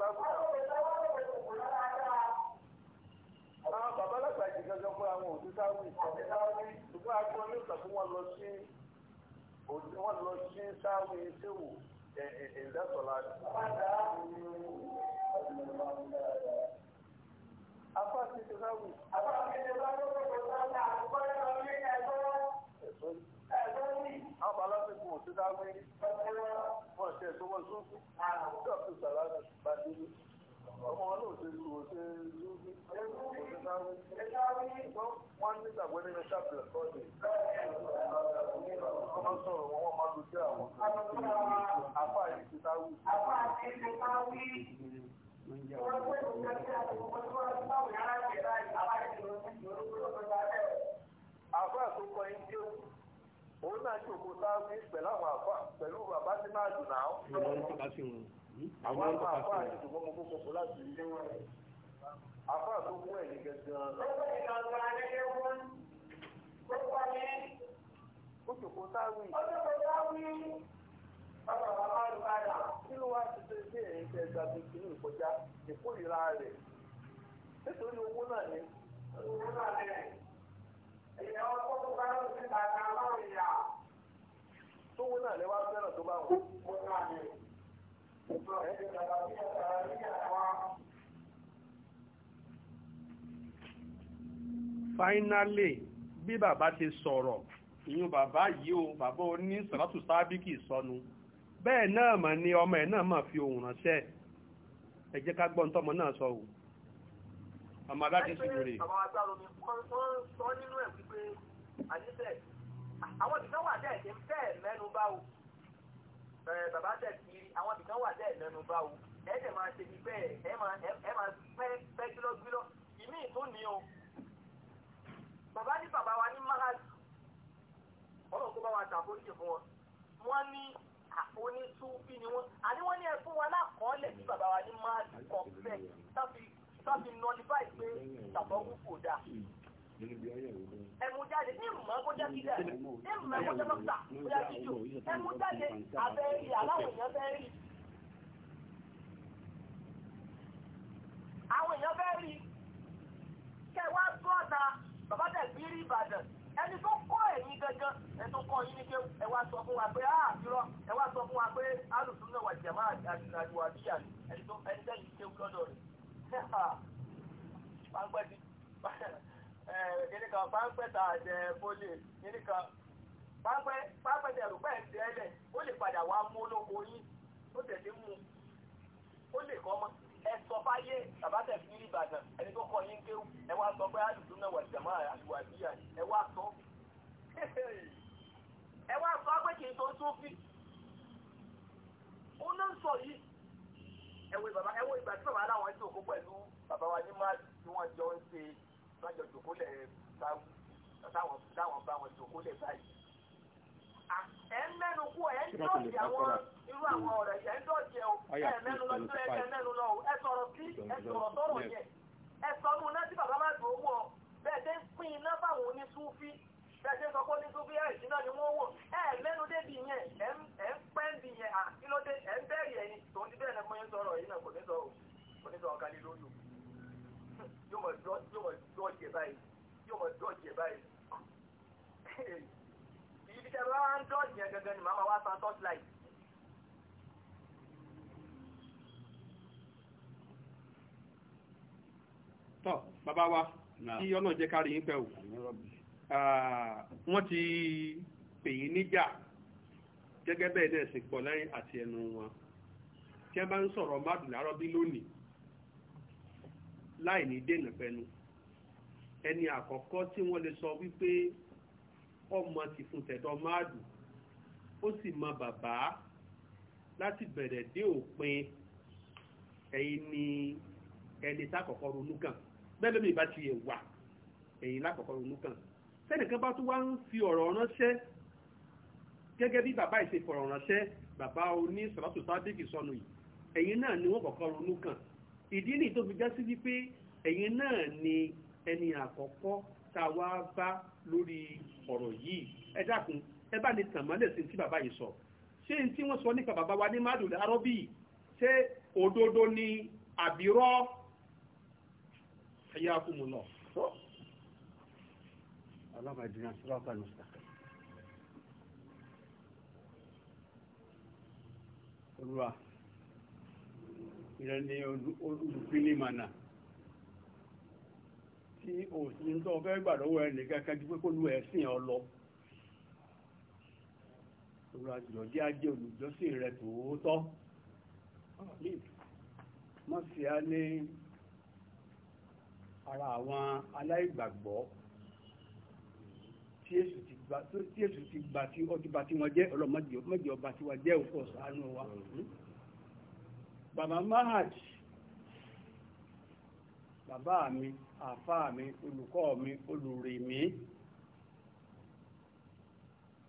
àwọn bàbá alágbàjì gangan fún àwọn òdú sáwì ṣùgbọ́n agbọ́n ní ìgbà tí wọ́n lọ sí òdú wọ́n lọ sí sáwì ṣéwù ìdásọ̀lá. afá ti ṣe sáwì. afá ti ṣe sáwì ṣe sáwì àgbọ̀n ní ọdún ẹgbẹ́ ní. àwọn bàbá alágbàjì kò sí sáwì wọ́n ṣe tó wọ́n tún kí ọ̀pẹ̀ sàrà náà bá délé ọmọ wọn náà ṣe lù ó ṣe lù mí kò ṣe sáré wọ́n ní ìgbàgbọ́ nínú ṣàpìlẹ̀ tọ́jú ọmọ sọ̀rọ̀ wọn wọ́n máa lu àwọn àfáà yìí ti sáré. àfáà yìí ti sáré. Wọ́n gbé ìgbésẹ̀ àti ìgbésẹ̀ tó ti máa wù yàrá ìgbésẹ̀ àti àwọn ìgbésẹ̀ ti máa wù yàrá ìgbésẹ̀ àti àwọn ìgbésẹ̀ ti máa wù yàrá ìgbésẹ̀ àti àwọn ìgbésẹ̀ ti máa wù yàrá ìgbésẹ̀ àti àwọn ìgbésẹ̀ ti máa wù yàrá ìgbésẹ̀ àti àwọn ìgbésẹ̀ ti máa wù yàrá ìgbésẹ̀ àti àwọn ìgbésẹ̀ ti máa wù yàrá ìgbésẹ̀ àti àwọn ìgbésẹ̀ ti máa wù yàrá ìgbésẹ̀ àti àwọn ìgbésẹ̀ ti máa wù yàrá ìgbésẹ̀ àti àwọn ìgbésẹ̀ ti máa wù yàrá ìgbésẹ̀ àti àwọn ìgbésẹ̀ ti máa wù yàrá ìgbésẹ̀ àti àwọn ìgbésẹ̀ ti máa wù yàrá ìgbésẹ̀ àti àwọn ìgbésẹ̀ ti máa wù yàrá ìgbésẹ̀ àti àwọn ìgbésẹ̀ ti máa wù yàrá ìgbésẹ̀ àti àwọn ìgbésẹ̀ ti máa wù yàrá ti máa wù yàrá ti máa òun náà ṣòkò sáwé pẹ̀lú àwọn àfà pẹ̀lú bàbá tí máa dùn náà. àwọn àfà àfà àti ìdùnnú mo kókó kó láti ilé lọ́wọ́ ní. ó ó bàbá bàbá rẹ̀ padà. kí ló wá ti ṣe ṣé èyí ṣe ẹja tó ìkọjá ìkórìíra rẹ̀ nítorí owó náà owó náà èèyàn kó tó bá lọ sí ìtajà náà yà. tówó náà lè wá fẹ́ràn tó bá wù. mo ní àná ètò ẹ̀jẹ̀ bàbá bí ẹ̀ka rí ẹ̀wá. finally bí bàbá ti sọ̀rọ̀ ìyún bàbá yìí o bàbá o ní sàlátù sábíkì sọnù bẹ́ẹ̀ náà mà ni ọmọ ẹ̀ náà mà fi ohùn ránṣẹ́ ẹ jẹ́ ká gbọ́n tọ́mọ náà sọ o àmọ́ aláàjì sì lórí. àwọn agbára omi kan tó ń sọ nínú ẹ̀kú wà dẹ́ mẹ́nu bá o ẹ dẹ̀ máa ṣe ibẹ̀ ẹ máa ẹ pẹ́ pẹ́ gbílọ́gbílọ́ ìmí ìtún ni o bàbá ní bàbá wa ní mahad ọlọ́run tó bá wa ṣàforíjì fún wọn wọ́n ní onísúfí ni wọ́n àní wọ́n ní ẹ fún wa lákọọ́lẹ̀ tí bàbá wa ní mahad kọ̀ fẹ́ tábí tábí nọlifáì pé tàbọ̀wù kò dáa ẹ̀mú jáde ní mọ̀ kó jẹ́ kílẹ̀ ní mọ̀ kó jẹ́ mọ́ta kó jẹ́ jáde abẹ́ rí aláwọ̀ fẹ́ rí àwọn èèyàn fẹ́ rí kẹwàá gọ́ta bàbá tẹ̀gbí rí ìbàdàn ẹni tó kọ́ èyí gangan ẹni tó kọ́ yín ní pé ẹ wá sọ fún wa pé á àbúrò ẹ wá sọ fún wa pé alùsùn náà wà jẹ̀má àdìwà bíyà ni ẹni tó ẹni tẹ́yìn ṣe lọ́dọ̀ rẹ̀ pàǹpẹ́tì ẹ̀ẹ́dẹ́nìkan pàǹpẹ́ta àjẹ fólè ẹ̀ẹ́dẹ́nìkan pàǹpẹ́tì ẹ̀rù pẹ́ẹ́ tẹ́lẹ̀ ó lè padà wá mú olóko yín ó tẹ̀lé mú ó lè kọ́ mọ́ ẹ sọ fáyé àbátẹ̀ fi rí ìbàdàn ẹni tó kọ yín kéwù ẹ wá sọ pé àdùdú náà wà jàmá àdùwà bíyà ẹ wá sọ ẹ wá sọ pé kì í tó sófì ó náà sọ yìí ẹ wo bàbá ẹ wo ìgbà tí bàbá aláwọn ẹjọ òkú pẹ̀lú bàbá wa ní máàlì tí wọ́n jọ ń ṣe wọ́n jọ jòkó lẹ̀ táwọn táwọn bá wọn jòkó lẹ̀ báyìí ẹ mẹ́nu kú ẹ ń tọ́jú àwọn irú àwọn ọ̀rọ̀ ẹ̀jẹ̀ ń dọ̀jẹ̀ o ẹ̀ mẹ́nu lọ sí ẹ̀jẹ̀ mẹ́nu lọ o ẹ sọ̀rọ̀ sí ẹ sọ̀rọ̀ sọ̀rọ̀ yẹn ẹ sọ nù náà tí bàbá bá dùn ún wọ bẹ́ẹ̀ dé pín iná fáwọn onísúfí bẹ́ẹ̀ dé sọ pé onísúfí ẹ̀sìn náà ni wọ́n wọ̀ ẹ mẹ́nu débi yẹn ẹ ń pẹ́ ń bi yẹn à kí ló dé ẹ ń bẹ́ẹ̀rì ẹ̀yin tòun ti bẹ́ẹ̀ lẹ́kọ́ yẹn sọ̀rọ̀ yìí náà kò ní sọ kò ní o yóò mọ̀ tọ́ bàbá wa kí ọlọ́run jẹ́ kárí yín pẹ́ wọ́n ti pè níjà gẹ́gẹ́ bẹ́ẹ̀ náà sì pọ̀ lẹ́yìn àti ẹnu wọn tí wọ́n bá ń sọ̀rọ̀ mádùn bí lónìí láì ní dènà pẹ̀lú ẹni àkọ́kọ́ tí wọ́n lè sọ wípé ọmọ ti fún tẹ̀dọ̀ mádùn ó sì mọ bàbá láti bẹ̀rẹ̀ dé òpin ẹ̀yin ni ẹni tá kọ́kọ́ ronú kàn bẹ́ẹ̀ lómi ìbá ti yẹ wà ẹ̀yìn lákọ̀ọ́kọ́ ronú kàn sẹ́nìkan bá tún wá ń fi ọ̀rọ̀ ránṣẹ́ gẹ́gẹ́ bí bàbá ìṣe fọ̀rọ̀ ránṣẹ́ bàbá oní sọ̀rọ̀tò sábẹ́kì sọnù yìí ẹ̀yin náà ni wọ́n kọ́kọ́ ronú kàn ìdí nìyí tó fi já sí wípé ẹ̀yin náà ni ẹni àkọ́kọ́ tá a wá bá lórí ọ̀rọ̀ yìí ẹ dákun ẹ bá ní tàn mọ́lẹ̀ sí ti bàbá yìí sọ ṣé n tí wọ́n sọ nípa bàbá wa ní mádùlẹ̀ arọ́bì ṣé òdodo ni àbírọ́ hayyakumullah to Allah ma dina sirata mustaqim Olúwa ìrẹ ni olùpínlẹ̀ mànà tí òsìn tó fẹ́ gbà lọ́wọ́ ẹnì kankan ju pé kó lu ẹ̀sìn ọ lọ Olúwa jọ jẹ́ ajé olùjọ́sìn rẹ tòótọ́ má sì á ní ara àwọn aláìgbàgbọ́ tí èsù ti gba tí ó ti ba tí wọ́n jẹ́ ọlọ́mọdé ọba tí wọ́n jẹ́ òkú ọ̀sánú wa. bàbá mahaj bàbá mi àfáà mi olùkọ́ mi olùrè mi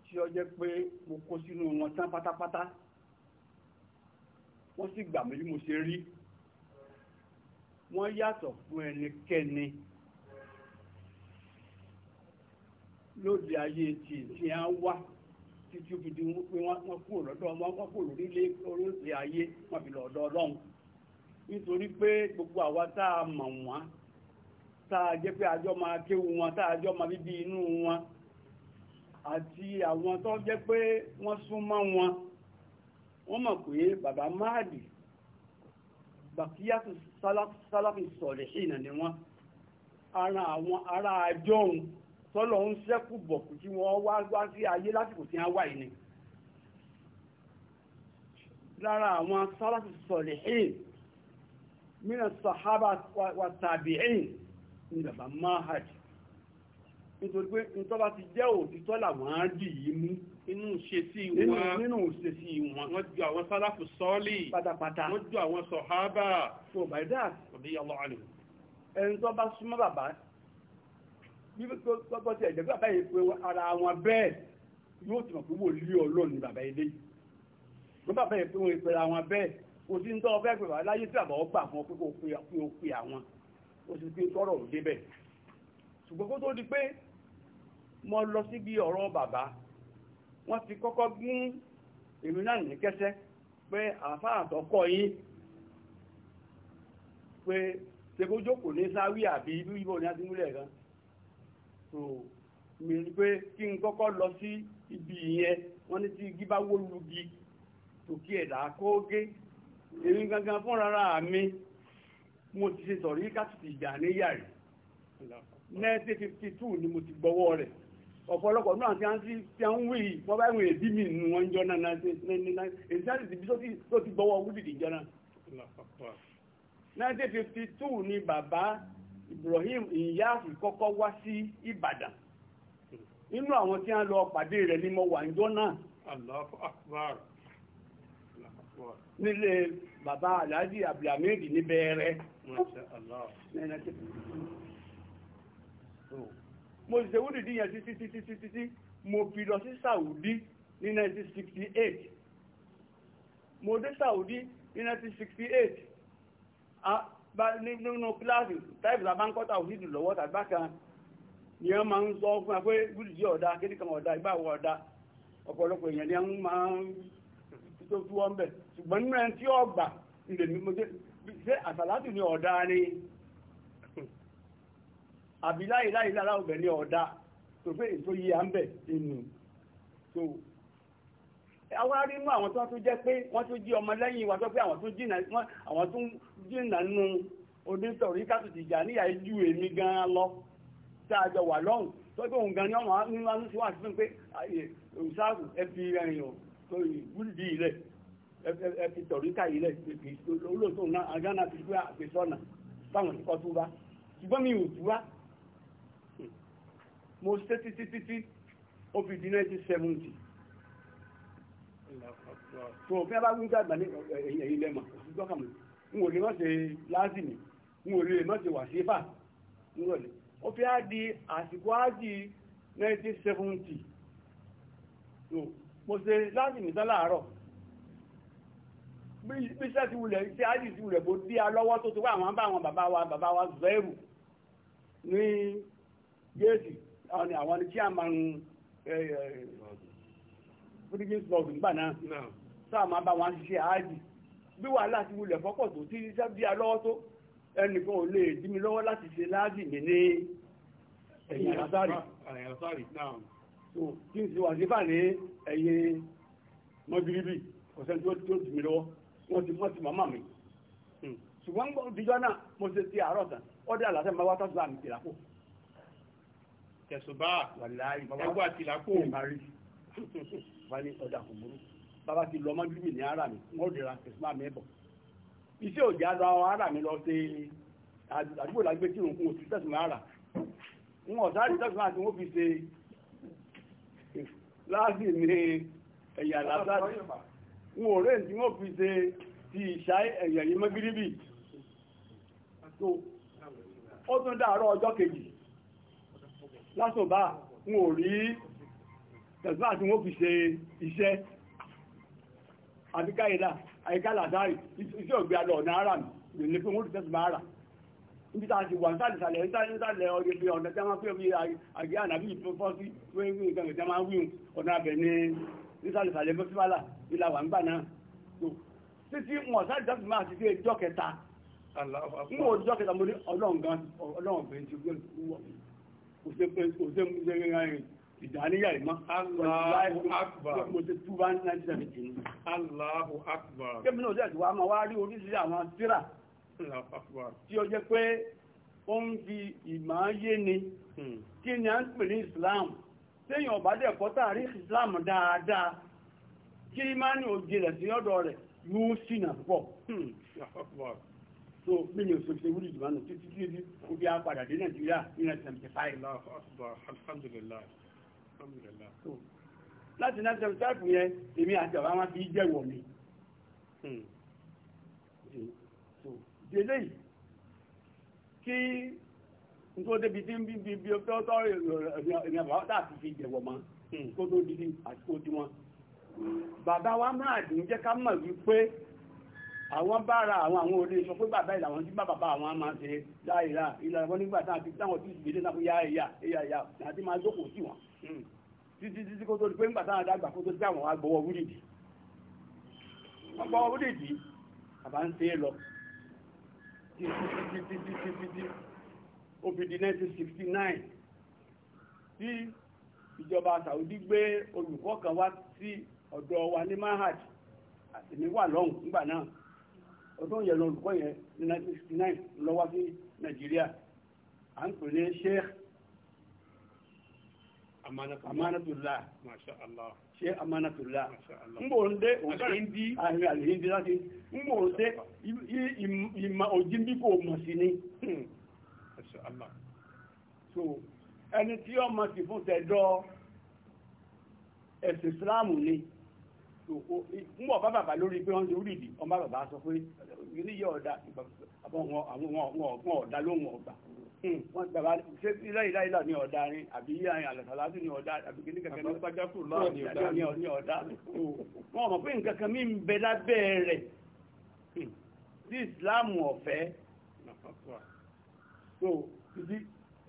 tí ó jẹ́ pé mo kó sínú wọn tán pátápátá wọ́n sì gbà mí bí mo ṣe rí wọ́n yàtọ̀ fún ẹnikẹ́ni lóde ayé tí tí a ń wá títí fi di pé wọ́n kú lọ́dọ̀ wọn wọ́n kú lórílẹ̀ orílẹ̀ ayé wọ́n fi lọ́dọ̀ ọlọ́run nítorí pé gbogbo àwa tá a mọ̀ wọ́n tá a jẹ́ pé àjọ máa kéwu wọn tá a jọ máa bíbí inú wọn àti àwọn tó jẹ́ pé wọ́n súnmọ́ wọn wọ́n mọ̀ pé bàbá máàdì bàkíyàtò sálàfì sọ̀lẹ̀hìnà ni wọ́n ara àwọn ará àjọun tọ́lọ̀ ń sẹ́kù bọ̀ tí wọ́n wá wá sí ayé lásìkò tí wọ́n wà yìí ni lára àwọn sálàfì sọ̀lẹ̀hìn mìíràn sàhábà wà tàbíìn ní bàbá mahad nítorí pé nítorí bá ti jẹ́ òtítọ́ làwọn á dì yìí mú inú ìṣesí wọn nínú ìṣesí wọn wọ́n ju àwọn sálàfù sọ́ọ̀lì pátápátá wọ́n ju àwọn sọ̀hábà fún ọ̀bà ìdá radiyallahu anhu ẹni tó bá súnmọ́ bàbá bí gbogbo ti ẹ̀jẹ̀ bàbá yìí pé ara wọn bẹ́ẹ̀ yóò ti mọ̀ pé wò lé ọlọ́ọ̀ni bàbá ilé yìí bàbá yìí pé wọ́n ìpè ara wọn bẹ́ẹ̀ kò sí ní tọ́ ọbẹ̀ pẹ̀lú aláyé tí bàbá ọgbà fún ọ pé kò pe àwọn ó sì pé tọ́rọ̀ ò débẹ̀ ṣùgbọ́n kó tó di pé mo lọ síbi ọ̀rọ̀ bàbá wọ́n ti kọ́kọ́ gún ìlú náà ní kẹ́sẹ́ pé àfáà tọ́kọ́ yín pé tẹkójó kò ní sáwí àbí ìlú ìbò ní adúmúlẹ̀ kan so mi rí pé kí n kọ́kọ́ lọ sí ibi ìyẹn wọ́n ní tí igi bá wó lugi tòkí ẹ̀dá kóógé èmi gangan fúnra mi mo ti ṣe sọ̀rí kásìtì ìjà níyàrí 1952 ni mo ti gbọ́wọ́ rẹ̀ ọ̀pọ̀lọpọ̀ náà tí a ń sí tí a ìwọ̀n èdè mi nù wọ́n jọ náà ti ti jọ náà. 1952 ni bàbá Ibrahim Inyas Kọkọ wá sí Ìbàdàn nínú àwọn tí a lọ pàdé rẹ̀ ní mo wà náà. nílé bàbá Alhaji Abdulhamid mo ṣe wúdìdí yẹn títí títí títí tí mo fi lọ sí Saudi ní 1968 mo dé Saudi ní 1968 nínú kíláàsì táìpù tàbá ń kọ́ta òsì lọ́wọ́ tàbí bákan ni wọ́n máa ń sọ fún wa pé wúdìdí ọ̀dà kíníkan ọ̀dà ìgbàwọ̀ ọ̀dà ọ̀pọ̀lọpọ̀ èèyàn ni wọ́n máa ń tó tú wọn bẹ̀ ṣùgbọ́n nínú ẹni tí ọgbà ilẹ̀ mímọ́ ṣe àsàlátù ni ọ̀dà ni àbí láìláì lára ọ̀bẹ̀ ní ọ̀dá tó fẹ́ èso yí à ń bẹ̀ inú so àwọn arínú àwọn tó tún jẹ́ pé wọ́n tún jí ọmọ lẹ́yìn wa tó pé àwọn tún jìnà nínú onítọ̀rí kátùtìjà níyà ju èmi gan lọ tá a jọ wà lọ́hùn tó pé òun gan ni ọmọ nínú anú sí wà sí pé òṣàrù ẹbí rẹ̀yìn tó ìgbúlùdí ilẹ̀ ẹbí tọ̀ríkà ilẹ̀ olóòtú náà agánà ti gbé àpèsọ́nà táwọn ìkọ́ tún bá ṣùgbọ́n mi ò tún bá mo ṣe títí títí ó fi di 1970 tó bí a bá wí gbàgbà ní ẹ̀yìn lẹ́mọ̀ òfin gbọ́kànlẹ̀ n ò lè má ṣe láàzìmì n ò lè má ṣe wà sífà ń rọ̀lẹ́ ó fi á di àsìkò ájì 1970 mo ṣe láàzìmì tán láàárọ̀ bí iṣẹ́ ti wulẹ̀ iṣẹ́ ájì ti wulẹ̀ bó dí a lọ́wọ́ tó ti wá àwọn bá àwọn bàbá wa bàbá wa zẹ́rù ní géètì àwọn ni chairman fúdígín club nígbà náà sáà máa bá wọn ṣiṣẹ́ ààjì bí wàhálà ti wulẹ̀ fọ́kọ̀ tó tí iṣẹ́ bí alọ́wọ́ tó ẹnìkan ò lè dí mi lọ́wọ́ láti ṣe láàjì mi ní ẹ̀yìn àlásàrì tí n sì wà sí fàní ẹ̀yìn mọ́gìrìbì ọ̀sẹ̀ tí ó dì mí lọ́wọ́ wọ́n ti mọ́tì màmá mi hmm. ṣùgbọ́n díjọ́ náà mo ṣe ti àárọ̀ tán ọdẹ àlàsẹ́ máa wá tọ́sí àmì ìràpò tẹ̀sùbá ẹgbẹ́ àti ìlàpò bàbá ti lọ mọ́jú mi ní ara mi wọ́n dira tẹ̀sùbá mẹ́bọ̀ iṣẹ́ òjì ara ara mi lọ ṣe àdúgbò lágbé tí òun kún òsì tẹ̀sùbá ara ń wọ̀n sáré tẹ̀sùbá àti wọ́n fi ṣe láàzì ní ẹ̀yà lásàdì ń wọ̀n rẹ̀ tí wọ́n fi ṣe ti ìṣá ẹ̀yà yìí mọ́gíríbì ó tún dàárọ̀ ọjọ́ kejì lásọ̀bá ń ò rí tẹ̀sílá tí wọ́n fi ṣe iṣẹ́ àbíkáyìdá àyíká làdáì iṣẹ́ ògbé alọ̀ ọ̀nà ara mi lè fún wọ́n ti tẹ́sílá ara níbi tá a ti wà nísàlẹ̀ nísàlẹ̀ ọdẹ fi ọ̀nà tẹ́ máa fi omi àgé ànàbí ìfọ́fọ́ sí wíwí nǹkan ìtẹ́ máa wíwù ọ̀nà abẹ ní nísàlẹ̀sàlẹ̀ fẹ́sífàlà ìlà wà ńgbà náà títí wọn sáré jáde máa ti dé ọjọ́ kẹta ń wọ ọjọ́ kẹta mo ní ọlọ́ọ̀gán ọlọ́ọ̀gbẹ́ ti gbé wọ̀ mí Allahu akbar. Kébìnà òjò àti wa máa wá rí oríṣiríṣi àwọn tíra. Allahu akbar. Tí ó jẹ́ pé ó ń fi ìmọ̀ ayé Kí ni a ń pè ní Islam? Téèyàn ọ̀bá dẹ̀ kọ́ tàrí Islam dáadáa. Kí Imani ò jìnlẹ̀ sí ọ̀dọ̀ rẹ̀ yóò Allahu akbar. so bí mi ò sọ ṣe wúlò ìdìbò àná títí títí kó bí a padà dé nàìjíríà ní nineteen seventy five. alhamdulilayi alhamdulilayi. láti nineteen seventy five yẹn èmi àti àwọn àwọn fi jẹ́wọ̀ mi. Hmm. délé yìí kí n tó débi tí bí bí bí tọ́tọ́ ìrìn àbáwọ́ tá a ti fi jẹ̀wọ̀ mọ́ hmm. kó tó di àti kó di wọn. bàbá wa máa dùn jẹ́ ká mọ̀ wípé àwọn bára àwọn àwọn olè sọ pé bàbá ìlà àwọn tí bá bàbá àwọn máa ṣe láìra ìlànà wọn nígbà táwọn ti táwọn tí ìgbélé náà fún yáyà ìyá ìyá ìyá àti máa jókòó sí wọn hmm. títí títí kó tó di pé nígbà táwọn àdàgbà kó tó dáwọn wá gbọ́wọ́ wúdìdì wọn gbọ́wọ́ wúdìdì bàbá ń ṣe é lọ títí títí títí obìnrin 1969 tí ìjọba Saudi gbé olùkọ́ kan wá sí ọ̀dọ̀ wa ní mahad àtìmí wà lọ́hùn nígbà náà ọdún yẹn lọ́lùkọ́ yẹn ní 1969 lọ́wọ́ sí nàìjíríà à ń pè ní sheikh amanatullah masha Allah sheikh amanatullah ń bò ń dé òǹdí àrẹ àlèyìndí láti ń bò ń dé ìmọ̀ òjìǹbí kò mọ̀ sí ni hmm. masha Allah so ẹni tí ọmọ sì fún tẹ̀dọ́ ẹ̀sìn islam ni mú ọba bàbá lórí pé wọ́n lórí ìdí ọba bàbá sọ pé ilé yẹ ọ̀dà àwọn ọ̀dà lóhùn ọ̀gbà wọ́n bàbá ṣé iláìláìlá ní ọ̀dà rin àbí àlàsàlátù ní ọ̀dà àbí kìíní kankan ní ọ̀dà wọn mọ̀ pé nǹkan kan mí ń bẹ lábẹ́ rẹ̀ sí ìsìláàmù ọ̀fẹ́ so ìdí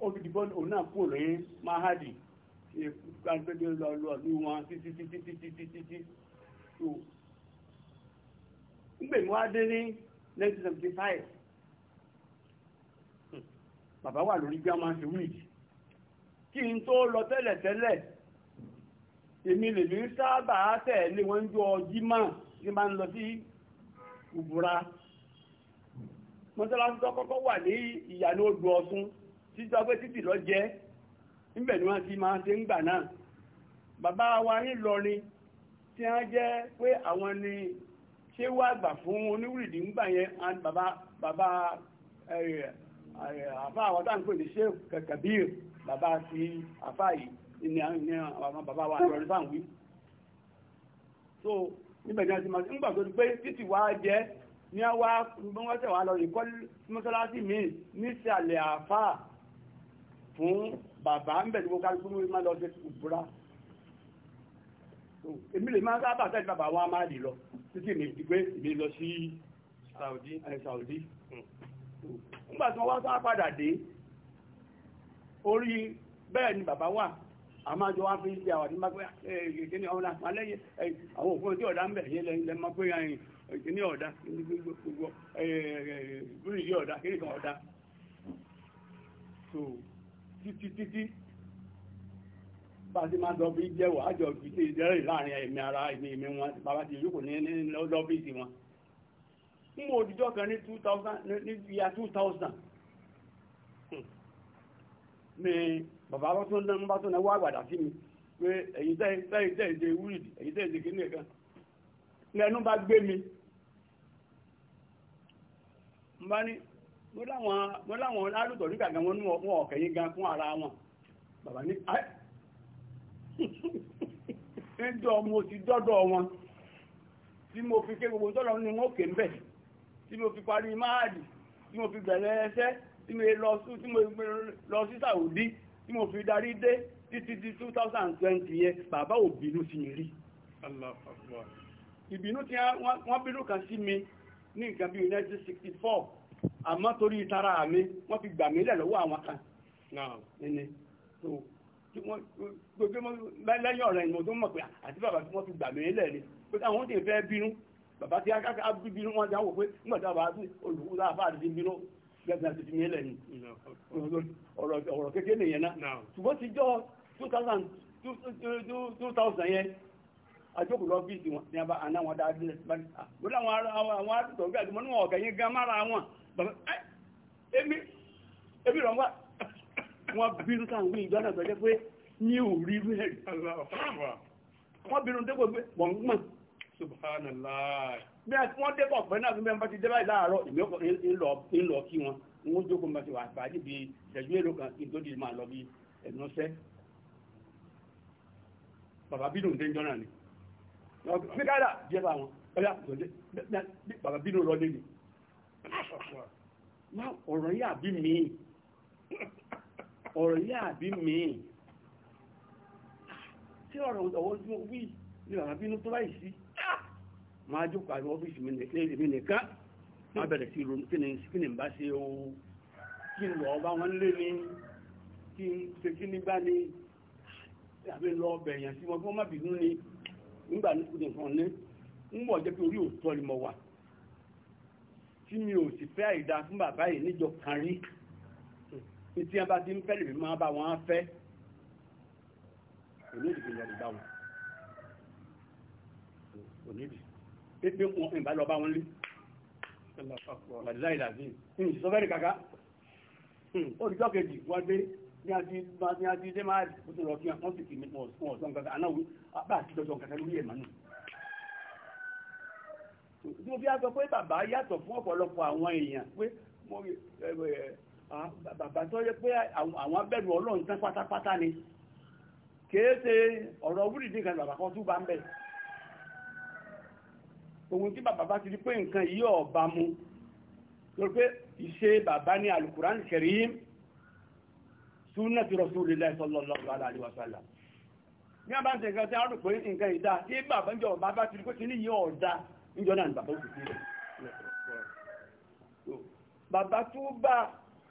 olùdìbọn òun náà kúrò lóyún mahadi ṣe gbàgbẹ́dẹ́ lọ lọ ní wọn títí títí títí títí two o nígbè mi wá dé ní nineteen seventy five hmm, bàbá wà lórí german series kí n tó lọ tẹ́lẹ̀tẹ́lẹ̀ èmi lè ní sábà tẹ̀lé wọn jọ jimá tí máa ń lọ sí ìbúra mọ́sálásí tó kọ́kọ́ wà ní ìyànà odò ọ̀sún títí ọgbẹ́ títì lọ jẹ́ níbẹ̀ ni wọ́n ti máa ṣe ń gbà náà bàbá wa ní lọrin tí wọ́n jẹ́ pé àwọn ni ṣé wá gbà fún oníwìrìdì ńgbà yẹn bàbá bàbá àfa àwọn táwọn pè ní ṣé kàkàbíyè bàbá ti àfa yìí ni àwọn bàbá wa àjọ ọdún wí. so níbẹ̀ ni a ti máa ń gbà tó di pé títí wàá jẹ́ ní àwa wọ́n tẹ̀ wá lọ ìkọ́ mọ́sálásí mi níṣàlẹ̀ àfa fún bàbá ń bẹ̀ tí wọ́n kálukú ní wọ́n máa èmi lè máa sábà tẹ́lẹ̀ bàbá wọn máa lè lọ títí mi di pé lọ sí Saudi nígbà tí wọ́n wá sáà padà dé orí bẹ́ẹ̀ ni bàbá wà a máa jọ wá fi ṣe àwọn àdínmá pé ẹ̀ẹ́dẹ̀ ní ọ̀la alẹ́yẹ àwọn òfin tí ń bẹ̀ yẹn lẹ́yìn lẹ́mọ pé gbogbo kí báti máa lọ bí jẹ́wọ̀ àjọ ìfìsí ìdẹ́rẹ̀ láàrin ẹ̀mí ara ẹ̀mí eme wọn bàbá ti yókù ní lọ́fíìsì wọn mú òdìjọ́ kan ní 2000 ní ìyá 2000 ni bàbá bá tún náà bá tún náà wá àgbàdà sí mi pé èyí tẹ́ẹ̀dẹ̀ wúrìdì èyí tẹ́ẹ̀dẹ̀ kí nìkan lẹ́nu bá gbé mi bá ní mo láwọn alùtọ̀ nígbàgbà wọn ọ̀kẹ́yìn gan fún ara wọn bàbá ní níjọ́ mo ti dọ́dọ̀ wọn tí mo fi ké gbogbo tọ́lọ ní wọn òkè ń bẹ̀ tí mo fi parí máàdì tí mo fi bẹ̀rẹ̀ ẹsẹ́ tí mo lọ sí Saudi tí mo fi darí dé títí di 2020 yẹn bàbá ò sí mi rí ìbínú tí wọ́n bínú kan sí mi ní nǹkan bí 1964 àmọ́ torí ìtara mi wọ́n fi gbà mí lẹ̀ lọ́wọ́ àwọn kan gbogbo lẹ́yìn ọ̀rẹ́ ìmọ̀ tó mọ̀ pé àti bàbá tí wọ́n ti gbà mí lẹ̀ ni pé àwọn tí ń fẹ́ bínú bàbá tí akáká bínú wọn ti wò pé bàbá tí olùkú láàbá àti bínú gẹ́gẹ́ àti ọ̀rọ̀ kékeré nìyẹn náà ṣùgbọ́n ti jọ 2000 yẹn àjókòó lọ ní abá àná wọn dáadé ah, àwọn àwọn ọ̀gá gan mára wọn wọ́n bínú sáwọn ìjọ náà tọ́jẹ́ pé ní òrí rẹ̀ wọ́n bínú dépò pé wọ́n ń gbọ̀n bí wọ́n dépò pẹ́ náà fún bẹ́ẹ̀ bá ti dé báyìí láàárọ̀ ìlọ kí wọn wọ́n jókòó máa ti wà pàdé bí ìṣẹ́jú èrò kan kí n tó di máa lọ bí ẹ̀nà ṣẹ́ bàbá bínú ń dé ń jọ́nà ni fi káàdà jẹ́ bá wọn ọ̀yà bàbá bínú lọ dé ni ọ̀rọ̀ yà bí mi ọ̀rọ̀ yìí àbí mìí ah, tí ọ̀rọ̀ ọwọ́ tí ó wí ní ọ̀rọ̀ bínú tó láì sí ah, máa jókòó àwọn ọ́fíìsì mi nìkan máa bẹ̀rẹ̀ sí ronú kí ni bá ṣe o kí ni lọ́ọ́ bá wọn lé ní kí n ṣe kí ní bá ní ah, àbí lọ bẹ̀yàn sí wọn kí wọ́n má bínú ni nígbà nìkan ní ń bọ̀ jẹ́ pé orí òótọ́ ni mo wà tí mi ò sì fẹ́ àìdá fún bàbá yìí níjọ kan rí tí wọ́n bá ti ń fẹ́ lèmi máa bá wọn fẹ́ onídìí lọ lè bá wọn onídìí pépé wọn ìbá lọ bá wọn lé ọ̀làdìláìlàdì ìṣọ́fẹ́rì kàkà olùjọ́ kejì wọ́n dé ní àti ní àti dé máa rí fún ọ̀rọ̀ kí wọ́n sì kì í mọ̀ fún ọ̀sán kankan anáwó bá àti dọ́jọ́ kankan lórí ẹ̀mọ́ nù. mo fi á sọ pé bàbá yàtọ̀ fún ọ̀pọ̀lọpọ̀ àwọn èèyàn pé Ah, bàbá tó yẹ pé àwọn abẹ́rù ọlọ́run tán pátápátá ni kéèsè ọ̀rọ̀ wúrì ní ìkan bàbá kan tún bá ń bẹ̀ ohun tí bàbá bá ti rí pé nǹkan yìí ọ̀bá mu tó pé ìṣe bàbá ní alukuran karim súnà ti Rasulullah sallallahu alaihi wa sallam ní àbá ń tẹ̀ a rò pé nǹkan ìdá tí bàbá ń jọ ọ̀bá bá ti rí pé kí ní yìí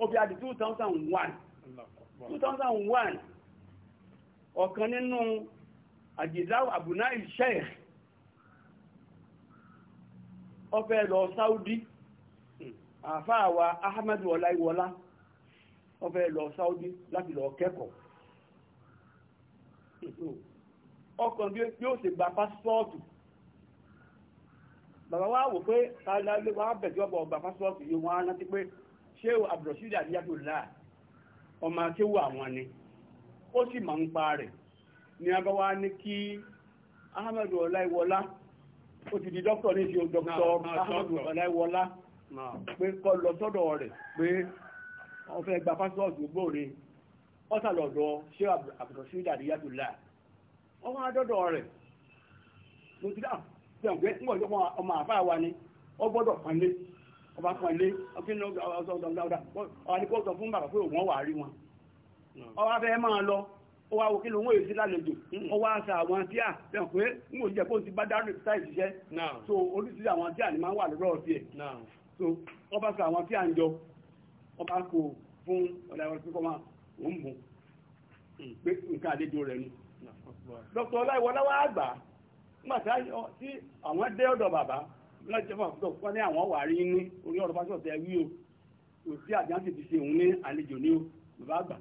obi àti 2001 2001 ọ̀kan nínú àjìdáwò àbúná ìṣẹ́ ọfẹ́ lọ Saudi àfáàwà Ahmadu Ọláìwọlá ọfẹ́ lọ Saudi láti lọ kẹ́kọ̀ọ́ ọkàn bí ó ṣe gba pásítọ́ọ̀tù bàbá wa wò pé tààlà lè wá bẹ̀ tí wọ́n bọ̀ gba pásítọ́ọ̀tù yìí wọ́n á rántí pé ṣéwù abdulrasheed adiyadula ọmọ akéwù àwọn ni ó sì máa ń pa rẹ̀ ní abawa ní kí ahmadu ọláìwọlá ti di dókítà ní ìṣe dókítà ahmadu ọláìwọlá pé kó lọ sọ́dọ̀ rẹ̀ pé wọ́n fẹ́ gba pásítọ̀tì gbòòrè ọ̀sàlọ̀dọ̀ ṣéwù abdulrasheed adiyadula ọmọ ọba kan ilé ọ̀dọ̀gbọ̀dọ̀ sọ fún bàbá pé òun wà rí wọn ọwá bẹ́ẹ̀ máa lọ ó wá wòkí lòun èyí sí lálejò hmm. ó wá àwọn tí à fẹ́ràn pé n ò jẹ́ kó ti bá dárò sáì ṣiṣẹ́ so oríṣiríṣi àwọn tí à ní máa wà lọ́rọ̀ sí ẹ̀ so ọba sa àwọn tí à ń jọ ọba kò fún ọ̀dà ìwọ̀n pípọ́ máa ń mú hmm. pé nǹkan àlejò rẹ̀ ni dr ọláìwọlá wá àgbà abdullahi jafar abdul wọn ní àwọn wà rí ní orí ọ̀rọ̀ pásítọ̀ tẹ wí o kò sí àjáǹtì ti ṣe òun ní àlejò ní o bàbá àgbà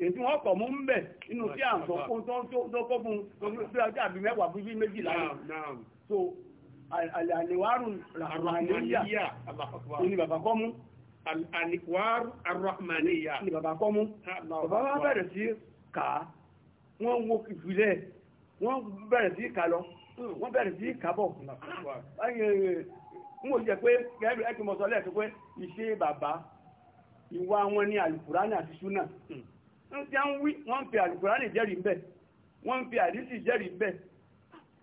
èyí tí wọ́n kọ̀ mú ń bẹ̀ nínú sí àǹsọ̀ tó kọ́ fún tó ọjọ́ àbí mẹ́wàá fún bí méjìlá so àlèwárù rahmaniya ni bàbá kọ́ mú àlèwárù rahmaniya ni bàbá kọ́ mú bàbá bá bẹ̀rẹ̀ sí kà wọ́n wo ìfilẹ̀ wọ́n bẹ̀rẹ̀ sí kà lọ wọ́n bẹ̀rẹ̀ sí kábọ̀ n ò jẹ́ pé gẹ́gẹ́ bí ẹkùn mọ̀sọ́ lẹ́ẹ̀kọ́ pé ìṣe bàbá ìwà wọn ni alukurani àti suna ń tí a ń wí wọ́n ń fi alukurani jẹ́rìí bẹ́ẹ̀ wọ́n ń fi àdísì jẹ́rìí bẹ́ẹ̀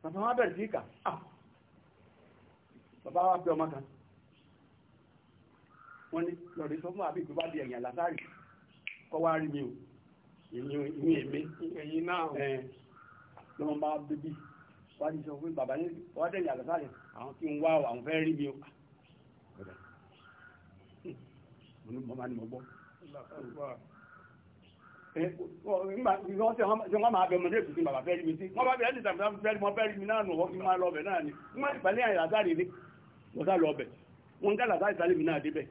bàbá wọn bẹ̀rẹ̀ sí kà á bàbá wa pé ọmọ kan wọ́n ní lọ́rí sọ fún àbí tó bá di ẹ̀yìn àlásárì kọ́ wá rí mi ò ìyìn èmi ẹ̀yìn náà lọ́mọ bá bíbí wá ti sọ pé bàbá ní wá tẹ̀lé àlọ́sàlẹ̀ àwọn kí n wá àwọn fẹ́ rí mi o mo ní mo máa ní mo gbọ́ wọ́n máa bẹ ọmọdé tuntun bàbá fẹ́ rí mi sí wọ́n bá bẹ ẹni tàbí tàbí fẹ́ rí mọ́ fẹ́ rí mi náà nù wọ́n fi máa lọ ọbẹ̀ náà ni wọ́n ti pàlẹ́ àyè làtàrí ilé lọ́sà lọ ọbẹ̀ wọ́n ń ká làtàrí mi náà débẹ̀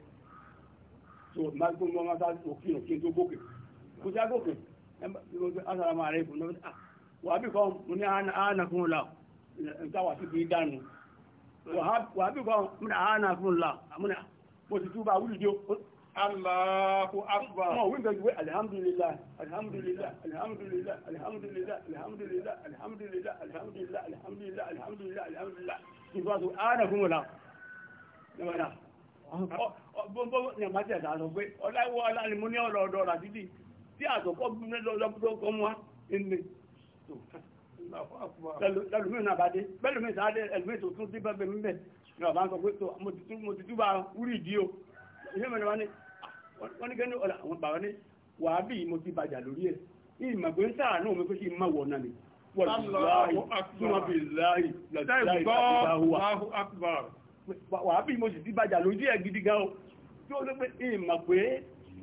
so wàbí kan mo ní àánà fún la nǹkan wà sí kìí dànù wàbí kan mo ní àánà fún la mo sì túbà wúlù jó. Allahu akbar. Wọ́n wí gbẹ̀gbẹ̀ alhamdulillah, alhamdulillah, alhamdulillah, alhamdulillah, alhamdulillah, alhamdulillah, alhamdulillah, alhamdulillah, alhamdulillah, alhamdulillah. Ìgbà tó àánà fún la. Nyàmàdà. Bọ́mbọ́ nyàmàdà dànù pé ọláwọ́ ọlá ni mo ní ọ̀rọ̀ ọ̀dọ̀ ọ̀rà títì tí àtọ̀kọ́ gbúmẹ́ lọ́dọ̀ lẹ́lùmí náà bá dé bẹ́lùmí sáà dé ẹlùmí tó tún dípẹ́ bẹ́ẹ̀ mbẹ́ ní ọ̀bá ń sọ pé tó mo ti túbà wúrì dí o iṣẹ́ mi ni wọ́n ní ah, wọ́n ní kẹ́ni ọ̀la àwọn bàbá ní wàá bì mo ti bàjà lórí ẹ̀ ìmọ̀ pé ń sáà náà mo fi kí n má wọ̀ náà ni wàá bì mo sì ti bàjà lórí ẹ̀ gidi gan o tí ó ló pé ìmọ̀ pé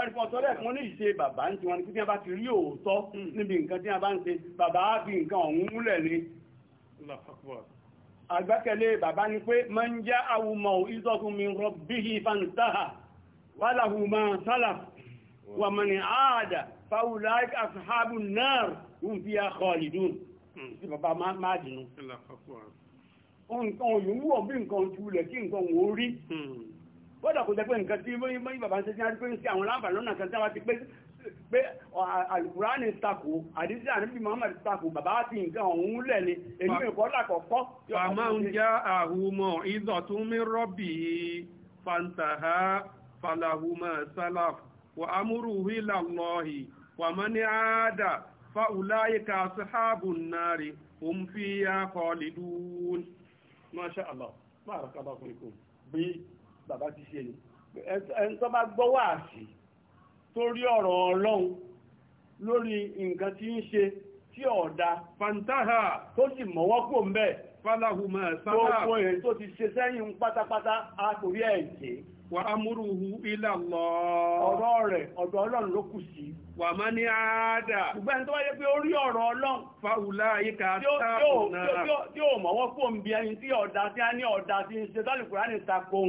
ẹ̀rìfọ́ tọ́lẹ̀ ẹ̀kún ní ìṣe bàbá ń ti wọn ni kí tí a bá ti rí òótọ́ hmm. níbi nǹkan tí a bá ń ṣe bàbá á fi nǹkan ọ̀hún múlẹ̀ ni àgbẹ́kẹ̀lé bàbá ni pé ma hmm. ń já àwùmọ̀ ìzọ́kún mi rọ bí i fantaha wàláhù ma sálà wà mọ̀ ní àádà fáwùlá àṣàbù náà ń fi àkọ́ ìdún sí bàbá máa dìnnú nǹkan òyìnbó bí nǹkan túlẹ̀ kí nǹkan wò rí hmm bọ́dà kò jẹ́ pé nǹkan tí mọ́yí bàbá ń ṣe sí àrípé ń sí àwọn láǹfà lọ́nà kan tí wọ́n ti pé alùkùránì takò àdísí àníbì Muhammad takò bàbá ti nǹkan ọ̀hún lẹ̀ ni èyí mi lákọ̀ọ́kọ́. fàmà ń já àhùmọ̀ ìdọ̀tún mi rọ́bì fantaha falahuma salaf wa amúrúhu ìlàlọ́hì wa mani àádà fa'ulaika ashabun nari hum fiya khalidun. Masha Allah, barakallahu fikum. Bí bàbá ti ṣe ni ẹni tó bá gbọ́ wáàsí tó rí ọ̀rọ̀ ọlọ́run lórí nǹkan tí ń ṣe tí ọ̀dá fantaha tó sì mọ̀wọ́ kò ń bẹ̀ fálàhùmọ̀ sábà tó èyí tó ti ṣe sẹ́yìn pátápátá àtòrí ẹ̀jẹ̀ wà amúrùhù ilallah ọ̀rọ̀ rẹ̀ ọ̀dọ̀ ọlọ́run ló kù sí wà má ní àádà ṣùgbọ́n tó wáyé pé orí ọ̀rọ̀ ọlọ́run fàúlà ìka tí ó mọ̀wọ́ kò ń bí ẹni tí ọ̀dá tí a ní ọ̀dá tí ń ṣe tálùkùrá ní takòun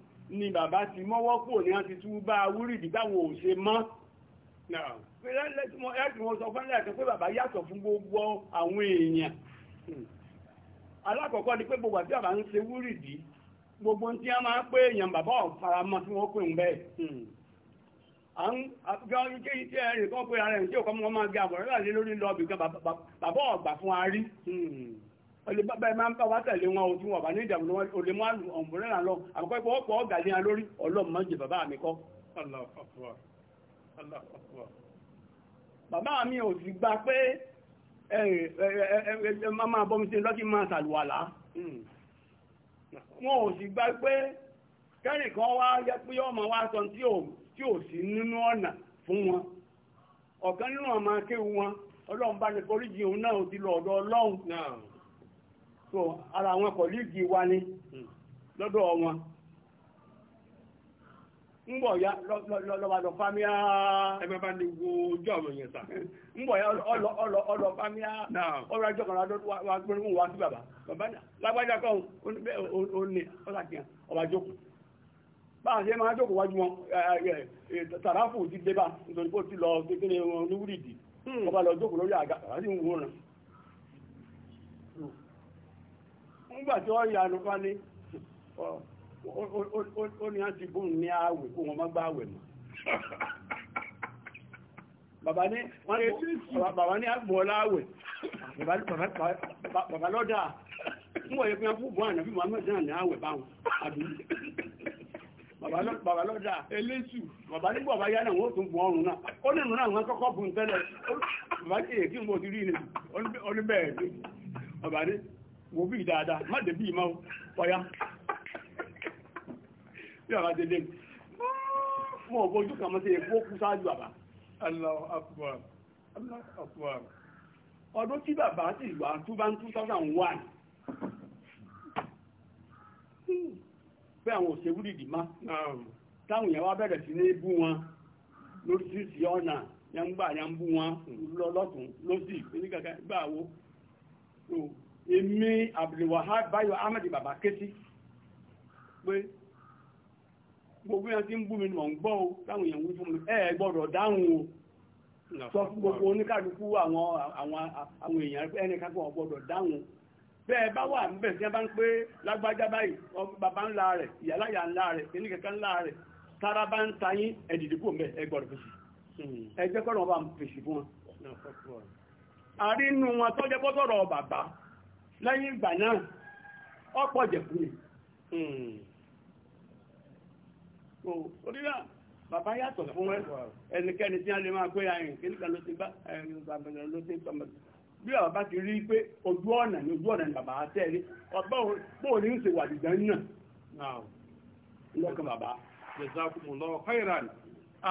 ni bàbá ti mọ́wọ́ kò ní àti tú bá wúrìdì táwọn ò ṣe mọ́ ẹ̀sùn wọn sọ fún ẹ̀kẹ́ pé bàbá yàtọ̀ fún gbogbo àwọn èèyàn alákọ̀ọ́kọ́ ni pé gbogbo àti bàbá ń ṣe wúrìdì gbogbo tí a máa ń pé èèyàn bàbá ọ̀faramọ́ tí wọ́n pè ń bẹ́ẹ̀ àwọn ike iṣẹ́ ẹ̀rìn kan pé ara ẹ̀ tí ò kọ́ mọ́ máa gbé àbọ̀rẹ́ láti lórí lọ́ọ̀bì kan bàbá ọ̀gbà fún arí olè bá bẹ́ẹ̀ máa ń bá wá tẹ̀lé wọn ojú wọn bá ní ìdààmú lọ́wọ́ olè mú àlù ọ̀mùrẹ́rà lọ àkọ́kọ́ ipò ọ̀pọ̀ ọ̀gá ní alórí ọlọ́run máa ń jẹ bàbá mi kọ́. bàbá mi ò sì gba pé máa bọ́ mi sí lọ́kì máa ṣàlùwàlá hmm. wọn ò sì gba pé kẹ́nìkan wá yẹ pé ọmọ wa sọ tí ò sí nínú ọ̀nà fún wọn ọ̀kan nínú ọmọ akéwu wọn ọlọ́run bá ní foríjì òun náà ti lọ ọ̀dọ̀ ọlọ́run so ara àwọn kọ̀líìgì wa ni lọ́dọ̀ wọn ń bọ̀ ya lọ́bàdọ̀ fámíà ẹgbẹ́bá ní ojú àwọn èèyàn sà ń bọ̀ ya ọlọ́ fámíà ọ̀rọ̀ ajọ́ kan wà gbọ́nrún wá sí bàbá bàbá lágbájá kan ó ní ọ̀sàkìyàn ọba jókòó bá àṣẹ máa jókòó wájú wọn tàràfù ti débà nítorí pé ó ti lọ kékeré wọn ní wúrìdì ọba hmm. lọ jókòó lórí àga àti ìwòrán nígbà tí wọ́n yà lọ́pàá ní ó ní àti bóun ní ààwẹ̀ kó wọn má gbá ààwẹ̀ mọ́ bàbá ní àgbọ̀ọ́lá ààwẹ̀ bàbá lọ́dà mọ̀ yẹ fún bọ́ ànàbí Muhammad náà ní ààwẹ̀ báwọn àdúgbò bàbá lọ́dà eléṣù bàbá nígbà bá yánà wọ́n tún bọ̀ ọrùn náà ó nínú náà wọ́n kọ́kọ́ bùn tẹ́lẹ̀ bàbá kí èkí mo ti rí ni oníbẹ̀ẹ́ wò bí dáadáa má dé bí ìmọ̀ ọ̀yá bí àwọn àti lẹ́nu fún ọgbọ́ ojú kan mọ́sí èkó kú sáájú bàbá Allahu Akbar Allahu Akbar ọdún tí bàbá sì wà 2001 pé àwọn òṣèlú dìdì má táwọn èèyàn wá bẹ̀rẹ̀ sí ní bú wọn lóríṣiríṣi ọ̀nà yàǹgbà yàǹbú wọn lọ́tún lọ́sì nígbàgbà gbà wo èmi Abdulwahab Báyọ̀ Ahmed bàbá ké pé gbogbo yẹn ti ń bú mi gbọ́ èèyàn wí fún mi gbọ́dọ̀ dáhùn gbogbo oníkàdúkú àwọn èèyàn ẹni kankan gbọ́dọ̀ dáhùn bá wà níbẹ̀ ń pé lágbájá báyìí bàbá ńlá rẹ̀ ńlá rẹ̀ ńlá rẹ̀ tára bá ń ta yín ẹ̀dìdì kò mẹ́ ẹ gbọ́dọ̀ fèsì hmm. ẹ jẹ́ lẹ́yìn ìgbà náà ọ̀pọ̀ jẹ̀kú ni hmm. orílẹ̀ bàbá yàtọ̀ fún ẹnikẹ́ni tí a lè máa pé àyìn kí nígbà ló ti bá ẹ̀yìn bàbá ló ti tọ́mọ̀ bí bàbá ti rí pé ojú ọ̀nà ni ojú ọ̀nà ni bàbá tẹ́rí ọgbọ́ òní ń ṣe wàdìdà náà lọ́kàn bàbá jazakumullahu khairan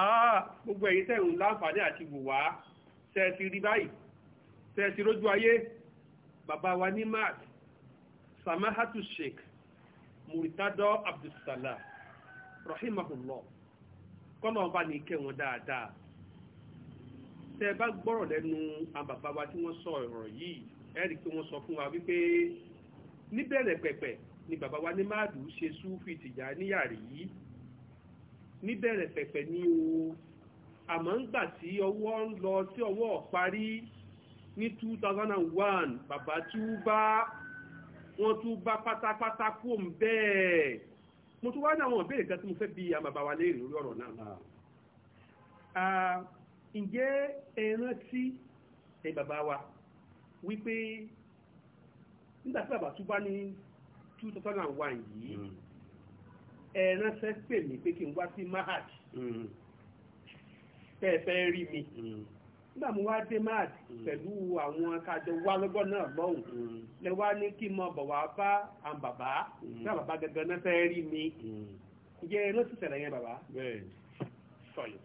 ah, gbogbo ẹ̀yin tẹ́ ń láǹfààní àti wùwá tẹ́ ti rí báyìí tẹ́ ti rójú ayé bàbá wa ní mad samahatu sheikh muritadọ abdulsalam rahimahullah kọ́nà ọba ní ìkẹ́ wọn dáadáa tẹ bá gbọ́rọ̀ lẹ́nu àwọn bàbá wa tí wọ́n sọ ọ̀rọ̀ yìí ẹ̀rí pé wọ́n sọ fún wa wípé níbẹ̀rẹ̀ pẹ̀pẹ̀ ni bàbá wa ní máàdù ṣe súfì tìjà níyàrí yìí níbẹ̀rẹ̀ pẹ̀pẹ̀ ni o àmọ́ ń gbà tí ọwọ́ ń lọ tí ọwọ́ parí ní 2001 bàbá tí ó bá wọ́n tún bá pátápátá kú ń bẹ́ẹ̀ mo tún wá ní àwọn ìbéèrè kan tí mo fẹ́ bi àbàbà wa léèrè lórí ọ̀rọ̀ náà ǹjẹ́ ẹ rántí ẹ bàbá wa wípé nígbà bàbá tún bá ní 2001 yìí hmm. ẹ ránṣẹ́ pè mí pé kí n wá sí mahad pẹ́ẹ́fẹ́ hmm. rí mi. Hmm nígbà mo wá dé mad hmm. pẹ̀lú àwọn kájọ wá lọ́gbọ́n náà lọ́hùn hmm. lẹ wá ní kí n mọ bọ̀ wá bá àwọn bàbá bí hmm. àwọn bàbá gangan náà fẹ́ rí mi ǹjẹ́ ló ti ṣẹlẹ̀ yẹn bàbá. sọyìn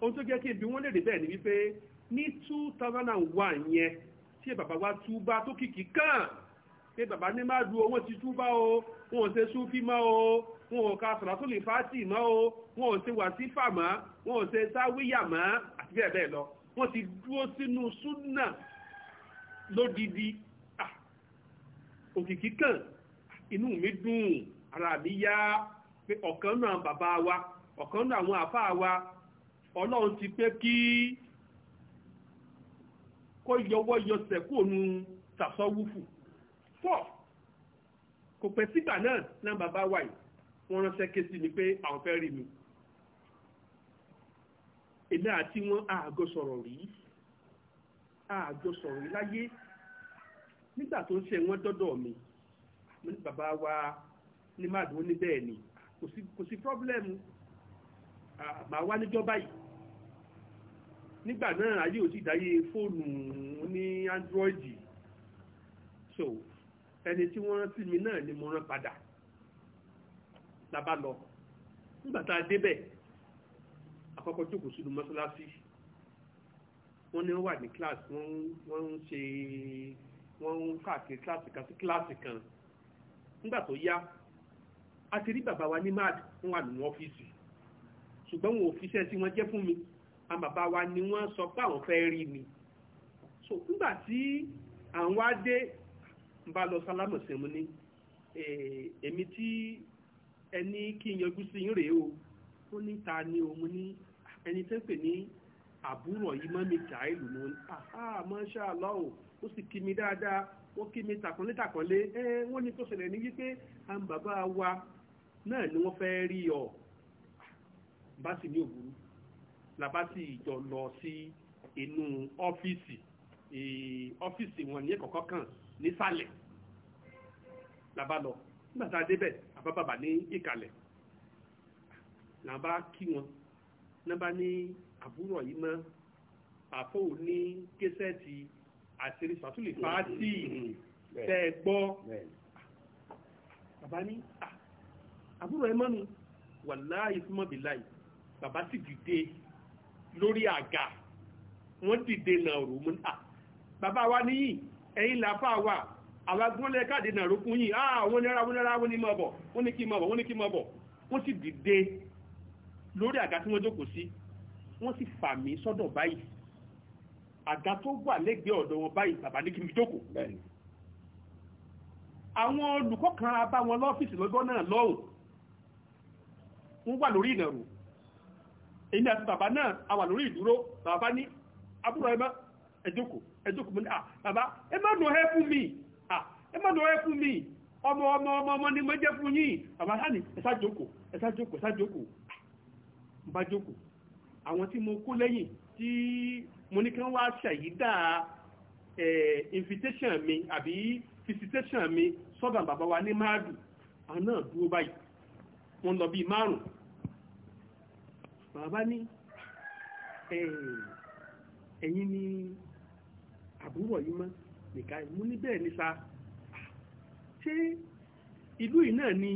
ohun tó jẹ́ kí n bí wọ́n lè rí bẹ́ẹ̀ ni wípé ní two thousand and one yẹn tí bàbá wa túbá tó kìkì kàn pé bàbá ní má du owó ti túbá o wọn ò ṣe súnfí mọ́ o wọn ò ka sọ̀rọ̀ tó lè fásì mọ́ o wọn ò ṣe wàsífà mọ́ wọn ò ṣe sáwíyà mọ́ bẹ́ẹ̀ bẹ́ẹ̀ lọ wọ́n ti dúró sínú súnà lódidi ah, òkìkí kan inú mi dùn ara mi yá pé ọ̀kan náà bàbá wa ọ̀kan náà àwọn àfáà wa ọlọ́run ti pé kí kó yọwọ́ yọsẹ̀ kó nu tàṣọ́wúfù fọ́ kò pẹ́ sígbà náà náà bàbá wa yìí wọ́n ránṣẹ́ ké sí mi pé àwọn fẹ́ rí mi èmi àti wọn àgọ sọ̀rọ̀ rí àgọ sọ̀rọ̀ rí láyé nígbà tó ń ṣe wọn dọ́dọ̀ mi bàbá wa ní má dùn ó ní bẹ́ẹ̀ ni kò sí pọ́blẹ́mù màá wá níjọ́ báyìí nígbà náà ayé ò sì dáyé fóònù ní Android so ẹni tí wọ́n rántí mi náà ni mo rán padà la bá lọ nígbà tá a débẹ̀ kọ́kọ́ jókòó sínú mọ́ṣáláṣí wọ́n ní wọ́n wà ní kíláàsì wọ́n ń ṣe wọ́n ń káàkiri kíláàsì kan sí kíláàsì kan nígbà tó yá a ti rí bàbá wa ní mad wọ́n wà nínú ọ́fíìsì ṣùgbọ́n wọn ò fi iṣẹ́ tí wọ́n jẹ́ fún mi àwọn bàbá wa ni wọ́n sọ pé àwọn fẹ́ rí mi so nígbà tí à ń wá dé ń bá lọ sálámù sí mu ní èmi tí ẹni kí n yọjú sí yín rèé o ó ní ta ni òun ní ẹni tó ń pè ní àbúrò yìí mọ́ mi kà á ìlú mọ́ ní àhá masha Allah ó sì kí mi dáadáa wọ́n kí mi tàkànlé tàkànlé ẹ wọ́n ní tó ṣẹlẹ̀ ní wípé àwọn bàbá wa náà ni wọ́n fẹ́ rí ọ bá sì ní òwúrú làbá sì jọ lọ sí inú ọ́fíìsì ọ́fíìsì wọn ní ẹ̀kọ́kọ́ kan nísàlẹ̀ làbá lọ nígbà tá a débẹ̀ àbá bàbá ní ìkàlẹ̀ làbá kí wọn nọ́mbà ní àbúrò yìí mọ́ àfọ́ ò ní késẹ́ẹ̀tì àṣírí sàtúlì fàátì mm-hmm. tẹ́ ẹ gbọ́ bàbá ní àbúrò ẹ mọ́nu wàláyé súnmọ́ bíláyé bàbá sì dìde lórí àga wọ́n dìde náà rò mú náà bàbá wa níyì ẹ̀yin làáfà wà àwọn káàdì náà rókún yìí àwọn oníra wọn ní kí mọ̀ wọ́n ní kí mọ̀ wọ́n ti dìde lórí àga tí wọ́n jókòó sí wọ́n sì fà mí sọ́dọ̀ báyìí àga tó wà lẹ́gbẹ̀ẹ́ ọ̀dọ̀ wọn báyìí bàbá ní kí n fi jókòó. àwọn olùkọ́ kan abá wọn lọ́fíìsì lọ́jọ́ náà lọ́hùn wọ́n wà lórí ìnàró èyí àti bàbá náà a wà lórí ìdúró bàbá ní àbúrò ẹ má ẹ jókòó ẹ jókòó ní à bàbá ẹ má nù ẹ fún mi à ẹ má nù ẹ fún mi ọmọ ọmọ ọmọ ọmọ ni mo jẹ́ fún yín bàbá sáà ẹ sá jókòó ẹ sá jókòó ẹ sá jókòó bá jókòó àwọn tí mo kó lẹ́yìn tí mo ní kí wá ṣàyídà invitation mi àbí visitation mi sọ́dọ̀ bàbá wa ní máàdù àwọn náà dúró báyìí wọ́n lọ bíi márùn bàbá ní ẹ̀yin ni àbúrò yìí mọ́ nìkan mú ní bẹ́ẹ̀ ní sa ah, ṣé ìlú yìí náà ni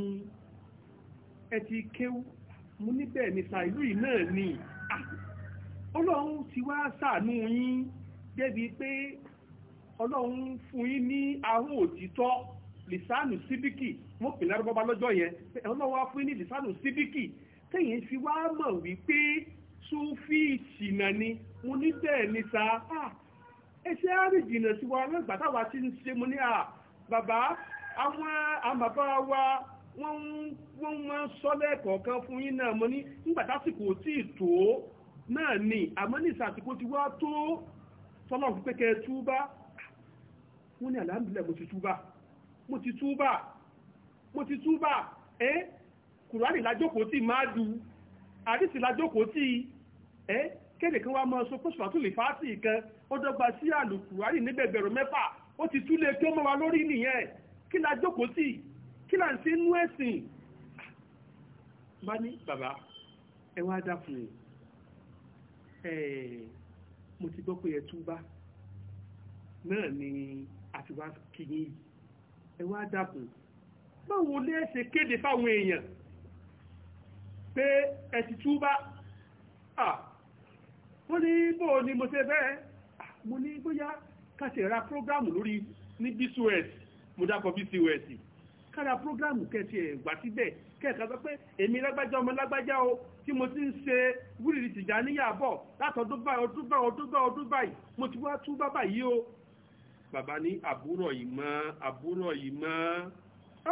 ẹ ti kéwú mo níbẹ̀ ní sàìlú yìí náà ni ọlọ́run ti wá ṣàánú yín débi pé ọlọ́run fún yín ní ahọ́n òtítọ́ lisanu síbíkì wọ́n pè lárúbọ́ bá lọ́jọ́ yẹn ọlọ́run wá fún yín ní lisanu síbíkì tẹ̀yìn fi wá mọ̀ wípé súnfì ìṣìnà ni mo níbẹ̀ ní sa ẹsẹ̀ àríjìnà sí wa lọ́gbàtà wa ti ń ṣe mo ní bàbá àwọn àmàbá wa wọ́n máa ń sọ fún yín náà ní nígbàtásìkò tí tó náà ni àmọ́ ní ti wá tó tọ́lọ̀ fún pé kẹ́ túbá wọ́n ní àlàmìlẹ̀ mo ti túbá mo ti túbá mo ti túbá ẹ́ kùránì lájókòó tí máa dù àdìsí lájókòó tí ẹ́ kéde kan wá máa sọ pé lè fàásì kan ó dọ́gba sí níbẹ̀bẹ̀rún mẹ́fà ó ti túlé kí kí là ń ṣe nú ẹ̀sìn bá ní bàbá ẹ dá fún ẹ mo ti gbọ́ pé ẹ túbá náà ni àti wá kí yín ẹ wá dákun báwo lẹ ṣe kéde fáwọn èèyàn pé ẹ ti túbá ó ní bóò ni mo ṣe bẹ́ẹ̀ mo ní bóyá ká prógrámù lórí ní bcos mo dákọ̀ bcos kára prógrámù kẹsì ẹ̀gbà síbẹ̀ kẹ́ẹ̀ka sọ pé èmi lágbájá ọmọ lágbájá o tí mo ti ń ṣe wíìlì Tìjàníyà bọ̀ látọdún báyìí ọdún báyìí ọdún báyìí ọdún báyìí mo ti wá tún bábà yìí o bàbá ní àbúrò yìí mọ́ àbúrò yìí mọ́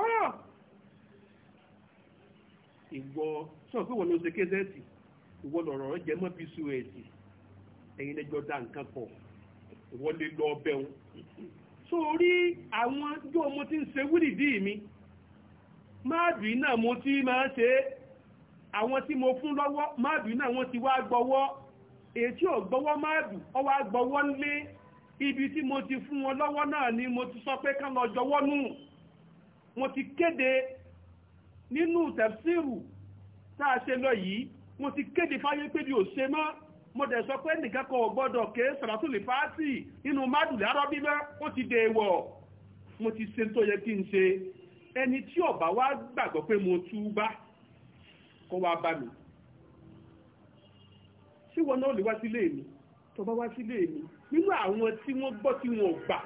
ìwọ sọ pé wọn ló ṣe kézẹ́ẹ̀tì ìwọ lọ̀rọ̀ jẹ́ mọ́ bí su ẹ̀sìn ẹ̀yin lẹ́jọ́ dá nǹkan pọ̀ ìwọ lè lọ ọbẹ̀ wọn so orí àwọn jó mo ti ń ṣe wúrìdí mi máàbì náà mo ti máa ṣe àwọn tí mo fún lọ́wọ́ máàbì náà wọ́n ti wá gbọ́wọ́ ètí ò gbọ́wọ́ máàbì ọ wá gbọ́wọ́ nlé ibi tí mo ti fún wọn lọ́wọ́ náà ni mo ti sọ pé kán lọ jọ̀wọ́ nù mo ti kéde nínú tẹ̀síìrù tá a ṣe lọ yìí mo ti kéde fáyé pé bí ò ṣe mọ́ mo dẹ̀ sọ pé nìkan kan ò gbọ́dọ̀ ké sàràtúlì fáàtì nínú mádùlẹ̀ arọ́bí mọ́ ó ti dè wọ̀ mo ti ṣe tó yẹ kí n ṣe ẹni tí ó bá wá gbàgbọ́ pé mo tú bá kó wá bá mi tí wọn náà lè wá sílé mi tó bá wá sílé mi nínú àwọn tí wọ́n gbọ́ tí wọn ò gbà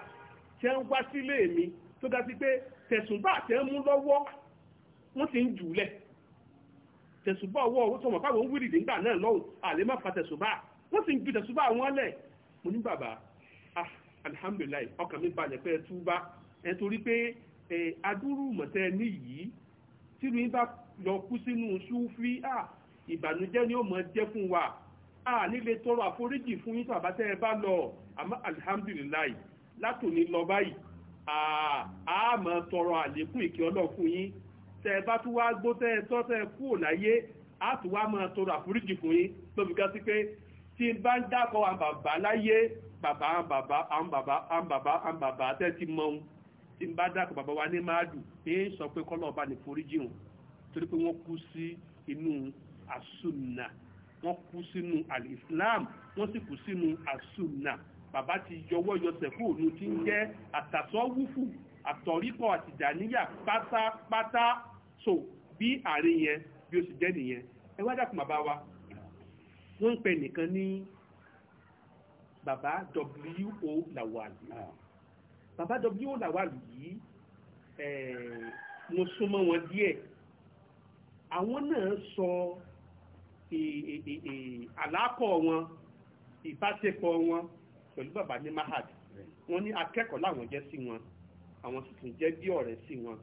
tẹ́ ń wá sílé mi tó dá sí pé tẹ̀sùn bá tẹ́ ń mú lọ́wọ́ wọ́n ti ń jùlẹ̀ tẹ̀sùbá ọwọ́ ọwọ́ tó mọ̀ fáwọn ń wírì nígbà náà lọ́hùn àlè má fa tẹ̀sùbá wọ́n sì ń ju tẹ̀sùbá wọn lẹ̀ mo ní bàbá ah alihamudulilayi ọkàn mi balẹ̀ pé ẹ túbá pé ẹ adúrú mọ̀tẹ́ ní yìí tí mi bá lọ kú sínú súfí ah ìbànújẹ́ ni ó mọ̀ jẹ́ fún wa ah nílé tọrọ àforíjì fún yín tàbá tẹ́ ẹ bá lọ àmọ́ alihamudulilayi látòní lọ báyìí ah àmọ́ tọrọ àlékún ìkẹ́ ọlọ́ fún tẹ́ ẹ bá tún wá gbó tẹ́ ẹ tọ́ tẹ́ ẹ kúrò láyé á tún wá máa tọrọ àforíjì fún yín lóbi kan sí pé tí n bá ń dákọ̀ àwọn bàbá láyé bàbá àwọn bàbá àwọn bàbá àwọn bàbá àwọn bàbá tẹ́ ti mọ ohun tí n bá dákọ̀ bàbá wa ní máàdù ní sọ pé kọ́lọ̀ ọba ní foríjì hàn torí pé wọ́n kú sí inú àsùnà wọ́n kú sínú alìsílám wọ́n sì kú sínú àsùnà bàbá ti yọwọ́ yọsẹ̀ fún tí ń jẹ́ àtàsọ́wúfù àtọ̀ríkọ̀ àtìjàníyà pátápátá so bí àárín yẹn bí ó sì jẹ́ nìyẹn ẹ wá dàpọ̀ bàbá wa wọ́n ń pè nìkan ní bàbá W.O. Lawal ah. bàbá W.O. Lawal yìí mo súnmọ́ wọn díẹ̀ àwọn náà sọ àlákọ̀ wọn ìbáṣepọ̀ wọn pẹ̀lú bàbá ní mahad wọ́n ní akẹ́kọ̀ọ́ làwọn jẹ́ sí wọn àwọn sì jẹ́ bí ọ̀rẹ́ sí wọn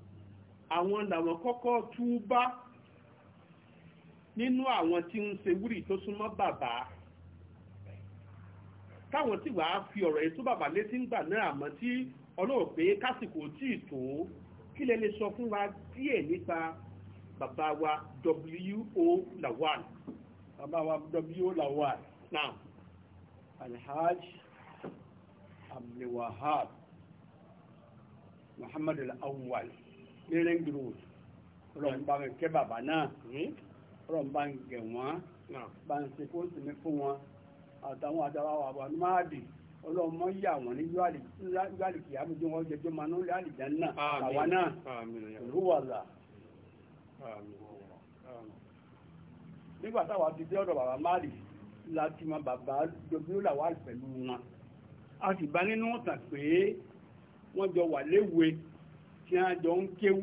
àwọn làwọn kọ́kọ́ túbá nínú àwọn tí ń ṣe wúrì tó súnmọ́ bàbá táwọn tí wàá fi ọ̀rọ̀ yìí tó bàbá létí ń gbà náà àmọ́ tí ọlọ́run pé kásìkò tí ì tó kí lẹ sọ fún wa díẹ̀ nípa bàbá wa W.O. Lawal. bàbá wa W.O. Lawal. naam. alhaj abdulwahab muhammadu al-awwal. Al ní ring road ọlọ́run bá kẹ́ bàbá náà hmm? ọlọ́run bá ń gẹ̀ wọ́n bá ń ṣe fóòsì mi fún wọn àtàwọn àtàwọn àbọ̀ máàdì ọlọ́run mọ́ yà wọ́n ní yúàlì kìí àbújọ wọn jẹjọ́ máa ń lé àlìján náà àwa náà olúwàlà. nígbà táwa ti dé ọ̀dọ̀ bàbá máàdì láti mọ bàbá dobió làwà pẹ̀lú wọn a sì bá nínú ọ̀tàn pé wọ́n jọ wà léwe tí a jọ ń kéwú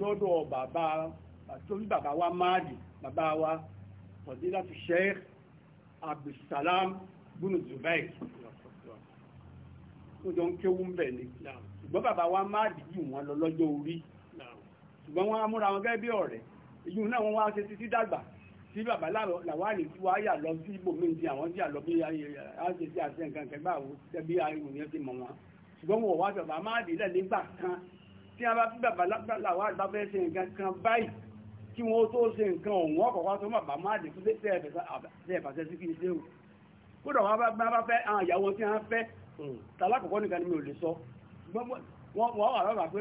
lọ́dọ̀ bàbá torí bàbá wa máàdì bàbá wa fadilatu sheikh abdulsalam bunu zubair ó jọ ń kéwú ń bẹ̀ ni ṣùgbọ́n bàbá wa máàdì jù wọn lọ lọ́jọ́ orí ṣùgbọ́n wọn á múra wọn gẹ́gẹ́ bí ọ̀rẹ́ èyí náà wọn wá ṣe títí dàgbà tí bàbá làwárí tí wọ́n yà lọ sí ibòmíì tí àwọn tí àlọ́ bí eh, eh, àṣẹ sí àṣẹ nǹkan kẹgbà wo tẹ́bí àìrùn yẹn ti mọ̀ wọn ṣùgbọ́n wọn wá bàbá máàdì lẹ́ nígbà kan tí a bá bí bàbá láwà àgbàfẹ́ ṣe nǹkan kan báyìí kí wọ́n tó ṣe nǹkan òun ọkọ̀kọ́ tó mọ̀ bá má dé fún tẹ́ẹ̀fẹ̀sẹ̀ sí kí n ṣe òun kódà wọn bá bá fẹ́ àwọn ìyàwó tí wọ́n fẹ́ hmm, tàlákọ̀ọ́kọ́ nìkan ni mi ò lè sọ wọ́n wà lọ́wọ́ pé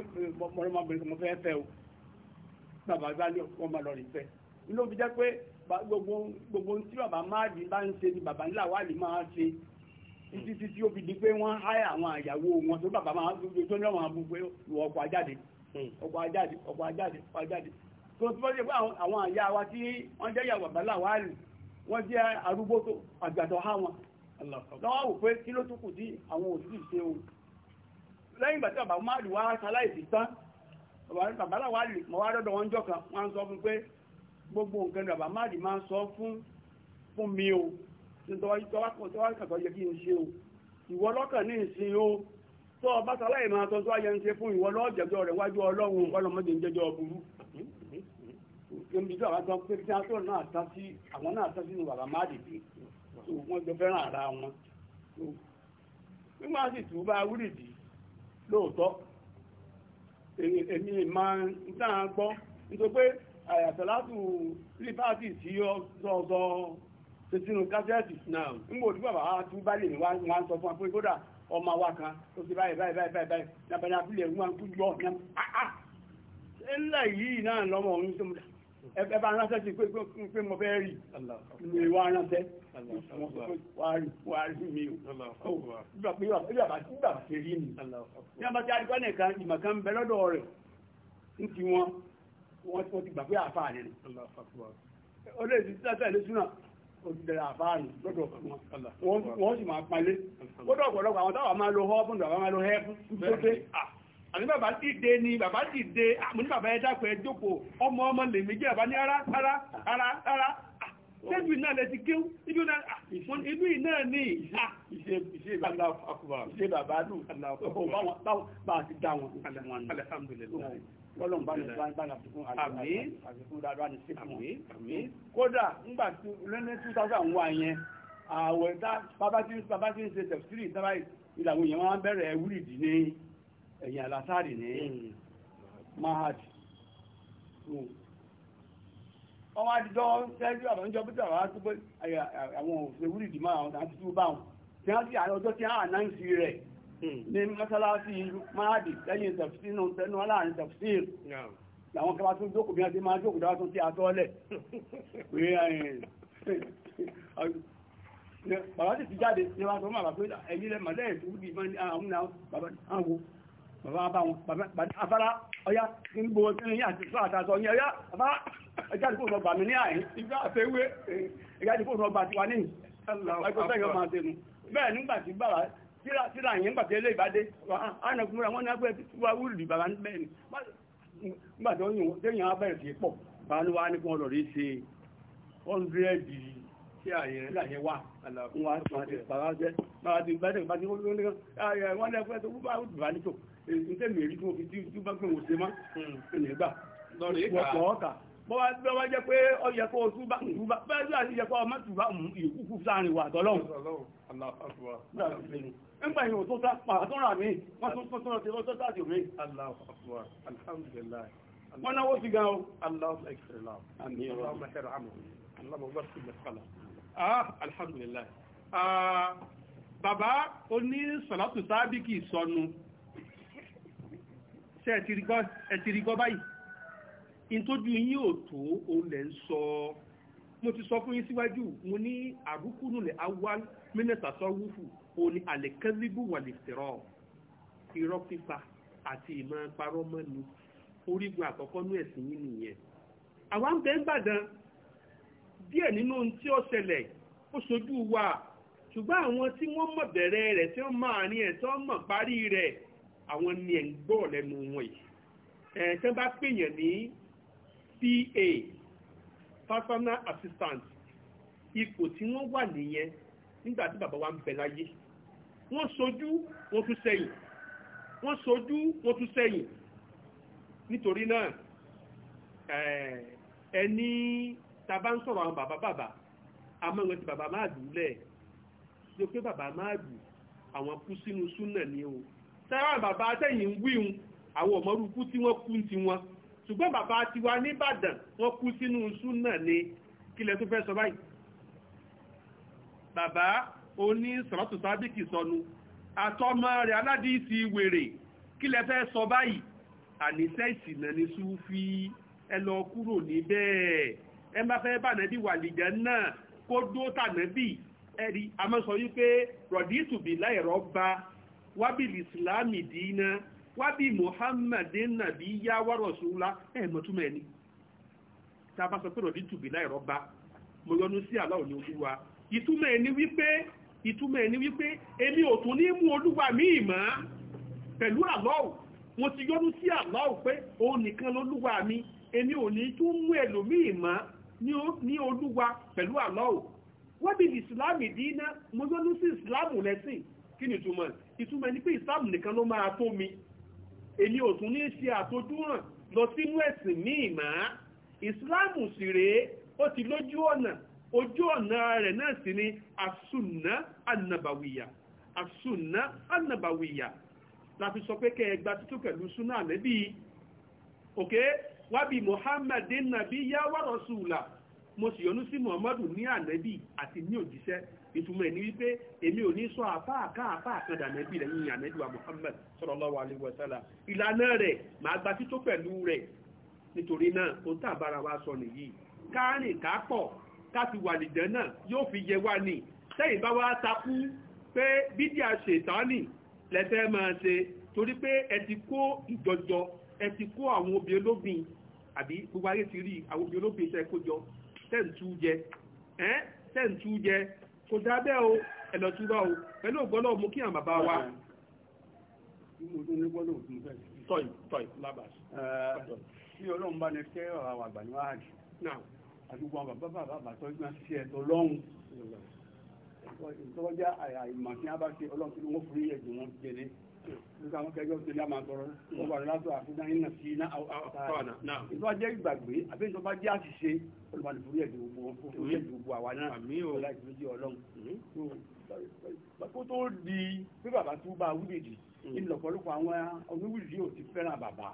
mọ̀rọ̀mọ̀bìnrin mo fẹ́ fẹ́ o bàbá bá ní wọ́n máa lọ rí fẹ́ inú fi jẹ́ pé gbogbo tí bàbá má dé bá ń ṣe ni bàbá ńlá wà lè máa ṣe títí títí ó fi di pé wọ́n háyà àwọn àyàwó wọn tó bàbá máa ń gbogbo tó ní àwọn abúgbé ọkọ̀ ajáde hmm. ọkọ̀ ajáde ọkọ̀ ajáde ọkọ̀ ajáde tó tí wọ́n ṣe pé àwọn àyà wa tí wọ́n jẹ́ yàwó àbálà wà lù wọ́n jẹ́ arúgbó tó àgbàdo há wọn lọ́wọ́ wò pé kí ló tún kù sí àwọn òsì ṣe o lẹ́yìn ìgbà tí bàbá máa lù wá ṣaláìsí tán bàbá làwà lù mọ́ wá lọ́dọ̀ wọn jọ kan wọ́n sọ fún pé gbogbo nǹkan bàbá máa lù máa sọ fún mi o tọ́wákàtọ́ yẹ kí n ṣe o ìwọ lọ́kàn ní ìsìn o tó ọba sáláì máa tọ́ tó ayẹ ń ṣe fún ìwọ lọ́jẹ̀jọ́ rẹ̀ wájú ọlọ́run ọlọ́mọdé ń jẹjọ́ burú níbi tí àwọn tán pé kí á tó náà tá sí àwọn náà tá sínú bàbá má dìde tó wọ́n jọ fẹ́ràn ara wọn nígbà sì tù bá wúrìdì lóòótọ́ èmi máa ń tàn án gbọ́ nítorí pé àyàtọ̀ látù rí pàtì sí ọ̀sọ̀ọ̀sọ̀ sínú kásẹ́ẹ̀tì náà ń bò tí bàbá tún bá lè fún wa pé kódà wa kan tó ti báyìí báyìí báyìí báyìí nàbẹ̀rẹ̀ abúlé ń wá ń kú jọ ọ̀nà àá ńlá yìí náà lọ́mọ ọ̀hún tó múlá ẹ bá ránṣẹ́ mo fẹ́ rí mi wá ránṣẹ́ wá rí wá rí mi o nígbà pé bàbá tí bàbá ṣe rí mi ní abá tí adigun nìkan ìmọ̀ kan ń bẹ lọ́dọ̀ rẹ̀ ti wọn wọ́n ti gbà pé àáfàá rẹ̀ ó lè ti sẹ́sẹ̀ lóṣù náà olùdẹ̀rẹ̀ àbáàlù lọ́dọ̀ wọ́n sì máa palé lọ́dọ̀ ọ̀pọ̀lọpọ̀ àwọn ní bàbá ẹ̀dá pẹ̀ jókòó ọmọ bá ti dá wọn alhamdulillah kọ́lọ̀ kódà nígbà tí lẹ́nẹ́ 2001 yẹn àwẹ̀ tí ń ṣe tẹ̀sírì sára ìlàwò yẹn wọ́n bẹ̀rẹ̀ wúrìdì ní ẹ̀yìn àlásàrì ní hmm. mahad ọwọ́ àdìjọ́ sẹ́jú àbájọ́ pẹ́tẹ́ àwọn òṣèwúrìdì àwọn àti tí ó àwọn ọjọ́ Hmm. ní mọ́sálásí máàdì lẹ́yìn tafsir tẹnu aláàrin tafsir làwọn kaba tún jókòó bí wọ́n ti máa jókòó dáwọ́ tún sí atọ́lẹ̀ bàbá ti ti jáde ní wọ́n tó máa bàbá ẹ̀yìn lẹ́mọ̀ lẹ́yìn tó bí ah, àwọn àwọn bàbá bá wọn bàbá afárá ọya ní gbogbo tí ní àti sọ àtàtọ ní ọya bàbá ẹjáde fóònù ọgbà mi ní àyín ìgbà àfẹ́wé ẹjáde fóònù ọgbà tiwa ní ìgbà tẹ́yọ máa tẹnu bẹ́ẹ̀ nígbà tí bàbá síra síra yẹn gbàtí ilé ìbádé ánàkúnra wọn náà pẹ́ wá wúlì bàbá bẹ́ẹ̀ ni gbàtí ó yìn téèyàn á bẹ̀rẹ̀ sí pọ̀ bàbá ni wá ní kí wọ́n lọ rí ṣe ọ́ndúrẹ́dì tí àyẹ̀rẹ́ láyẹ̀ wà wọ́n á ti bàbá jẹ́ bàbá ti tó nítò fi tí bá ṣe má hmm. bọ́wá jẹ́ pé ọyẹ kó o túbá nígbà ìrìn tó sá pàá tó rà mí wọ́n tún tún tún tún tún tàbí mi. Allahu akbar alhamdulillah. wọ́n náwó sí gan o. Allahu akbar àmì ọ̀rọ̀ Allahu akbar àmì Allahu akbar sí mẹ́fàlá. ah alhamdulillah. Ah, bàbá ó ní sọ̀látù sábìkì sọnù ṣe ẹ̀tìrí gọ́ báyìí in tó ju yín ò tó òun lẹ̀ ń sọ mo ti sọ fún yín síwájú mo ní àrùkùnrin awal mínísítà sọ wúfù òun ni àlẹ́kẹ́líbù wà lè fẹ̀rọ̀ irọ́ pípa àti ìmọ̀ parọ́ mọ́ni orígun àkọ́kọ́ ní ẹ̀sìn yìí nìyẹn. àwa ń bẹ ń bàdàn díẹ̀ nínú ohun tí ó ṣẹlẹ̀ ó wa ṣùgbọ́n àwọn tí wọ́n mọ̀ bẹ̀rẹ̀ rẹ̀ tí wọ́n mọ̀ àárín ẹ̀ tí wọ́n mọ̀ parí àwọn ni ẹ̀ ń gbọ́ lẹ́nu wọn ní PA personal assistant ipò tí wọ́n wà nìyẹn nígbà tí bàbá wa ń bẹ wọ́n sojú wọ́n tún sẹ́yìn wọ́n sojú wọ́n tún sẹ́yìn nítorí náà eh, ẹni tàbá ń sọ̀rọ̀ àwọn bàbá bàbá àmọ́ ìwé ti bàbá máa dùn lẹ̀ ní o pé bàbá máa dùn àwọn kú sínú súnà ni o sẹ́wọ́n bàbá tẹ̀yìn wíhun àwọn ọ̀mọ́rú kú tí wọ́n kú ti wọn ṣùgbọ́n bàbá tiwa nìbàdàn wọ́n kú sínú súnà ni kílẹ̀ tó fẹ́ sọ báyìí bàbá oní sọ̀rọ̀tù sábìkì sọnù àtọmọ rẹ̀ wèrè kí lẹ fẹ́ sọ báyìí àníṣẹ́ ìsìnà ní súfì ẹ lọ kúrò níbẹ̀ ẹ má fẹ́ bá nàbí wà lìjẹ́ náà kó ẹ rí amọ́sọ wípé rọ̀dìtù bí láìrọ̀ ba wábìlì ìsìlámì dínà a bá sọ pé rọ̀dìtù bí ìtumọ̀ ẹni wípé èmi ò tún ní mú olúwa mi ìmọ̀ pẹ̀lú àlọ́ọ̀ mo ti yọ́nú sí àlọ́ọ̀ pé òun nìkan lolúwa mi èmi ò ní tún mú ẹlòmíì mọ́ ní olúwa pẹ̀lú àlọ́ọ̀ wọ́n bí ìsìláàmù dínà mo yọ́nú sí ìsìláàmù lẹ́sìn kí ni ìtumọ̀ ìtumọ̀ ẹni pé ìsìláàmù nìkan ló máa tó mi èmi ò tún ní ṣe àtọ́júràn lọ sínú ẹ̀sìn míì mọ́ ìsìláàmù sì rèé ó ti lójú ọ̀nà ojú ọ̀nà rẹ̀ náà sì ni àsùnà ànàbàwìyà àsùnà ànàbàwìyà láti sọ pé kẹgbà títún pẹ̀lú súnà ànábì òkè wábì Muhammadin nabiyya wa rasula mo sì yọ́nú sí Muhammadu ní ànábì àti ní òjíṣẹ́ ìtumọ̀ ẹni wípé èmi ò ní sọ àfáàká àfáàká ìlànà rẹ̀ màá gba tító pẹ̀lú rẹ̀ nítorí náà ó tàbára wa sọ nìyí káàrin kápọ̀ káti wà lìjẹ́ náà yóò fi yẹ wá ní sẹ́yìn bá wá takú pé bídíà ṣètánì lẹ́fẹ́ máa ṣe torí pé ẹ ti kó ìjọjọ ẹ ti kó àwọn obìnrin olóbìn àbí gbogbo ayé ti rí àwọn obìnrin olóbìn iṣẹ́ kójọ tẹ́ǹtú jẹ tẹ́ǹtú jẹ kò dábẹ́ o ẹ̀lọ́túbá o pẹ̀lú ògbọ́lọ́ mú kí àwọn bàbá tọ́yì tọ́yì lábàá sí ọlọ́run bá ní kẹ́ ọ̀rọ̀ àwọn àgbà níwájú àdúgbò àwọn bàbá bàbá tó gbà sí ẹ̀tọ́ lọ́hùn ìtọ́jà àìmọ̀ tí a bá ṣe ọlọ́run tí wọ́n fúri ẹ̀jẹ̀ wọn jẹ̀lé nígbà wọn kẹjọ tẹlẹ àmà tọrọ wọn wà lásọ àfihàn iná sí iná àwọkọọnà ìtọ́ jẹ́ ìgbàgbé àbí ìtọ́ bá jẹ́ àṣìṣe olùbàdàn fúri ẹ̀jẹ̀ gbogbo wọn fúri ẹ̀jẹ̀ gbogbo àwa náà ọlá ìfúnjẹ ọlọ́run kó tó di pé bàbá tó bá wúdìdì ìlọ̀pọ̀lọpọ̀ àwọn oníwìdí ò ti fẹ́ràn bàbá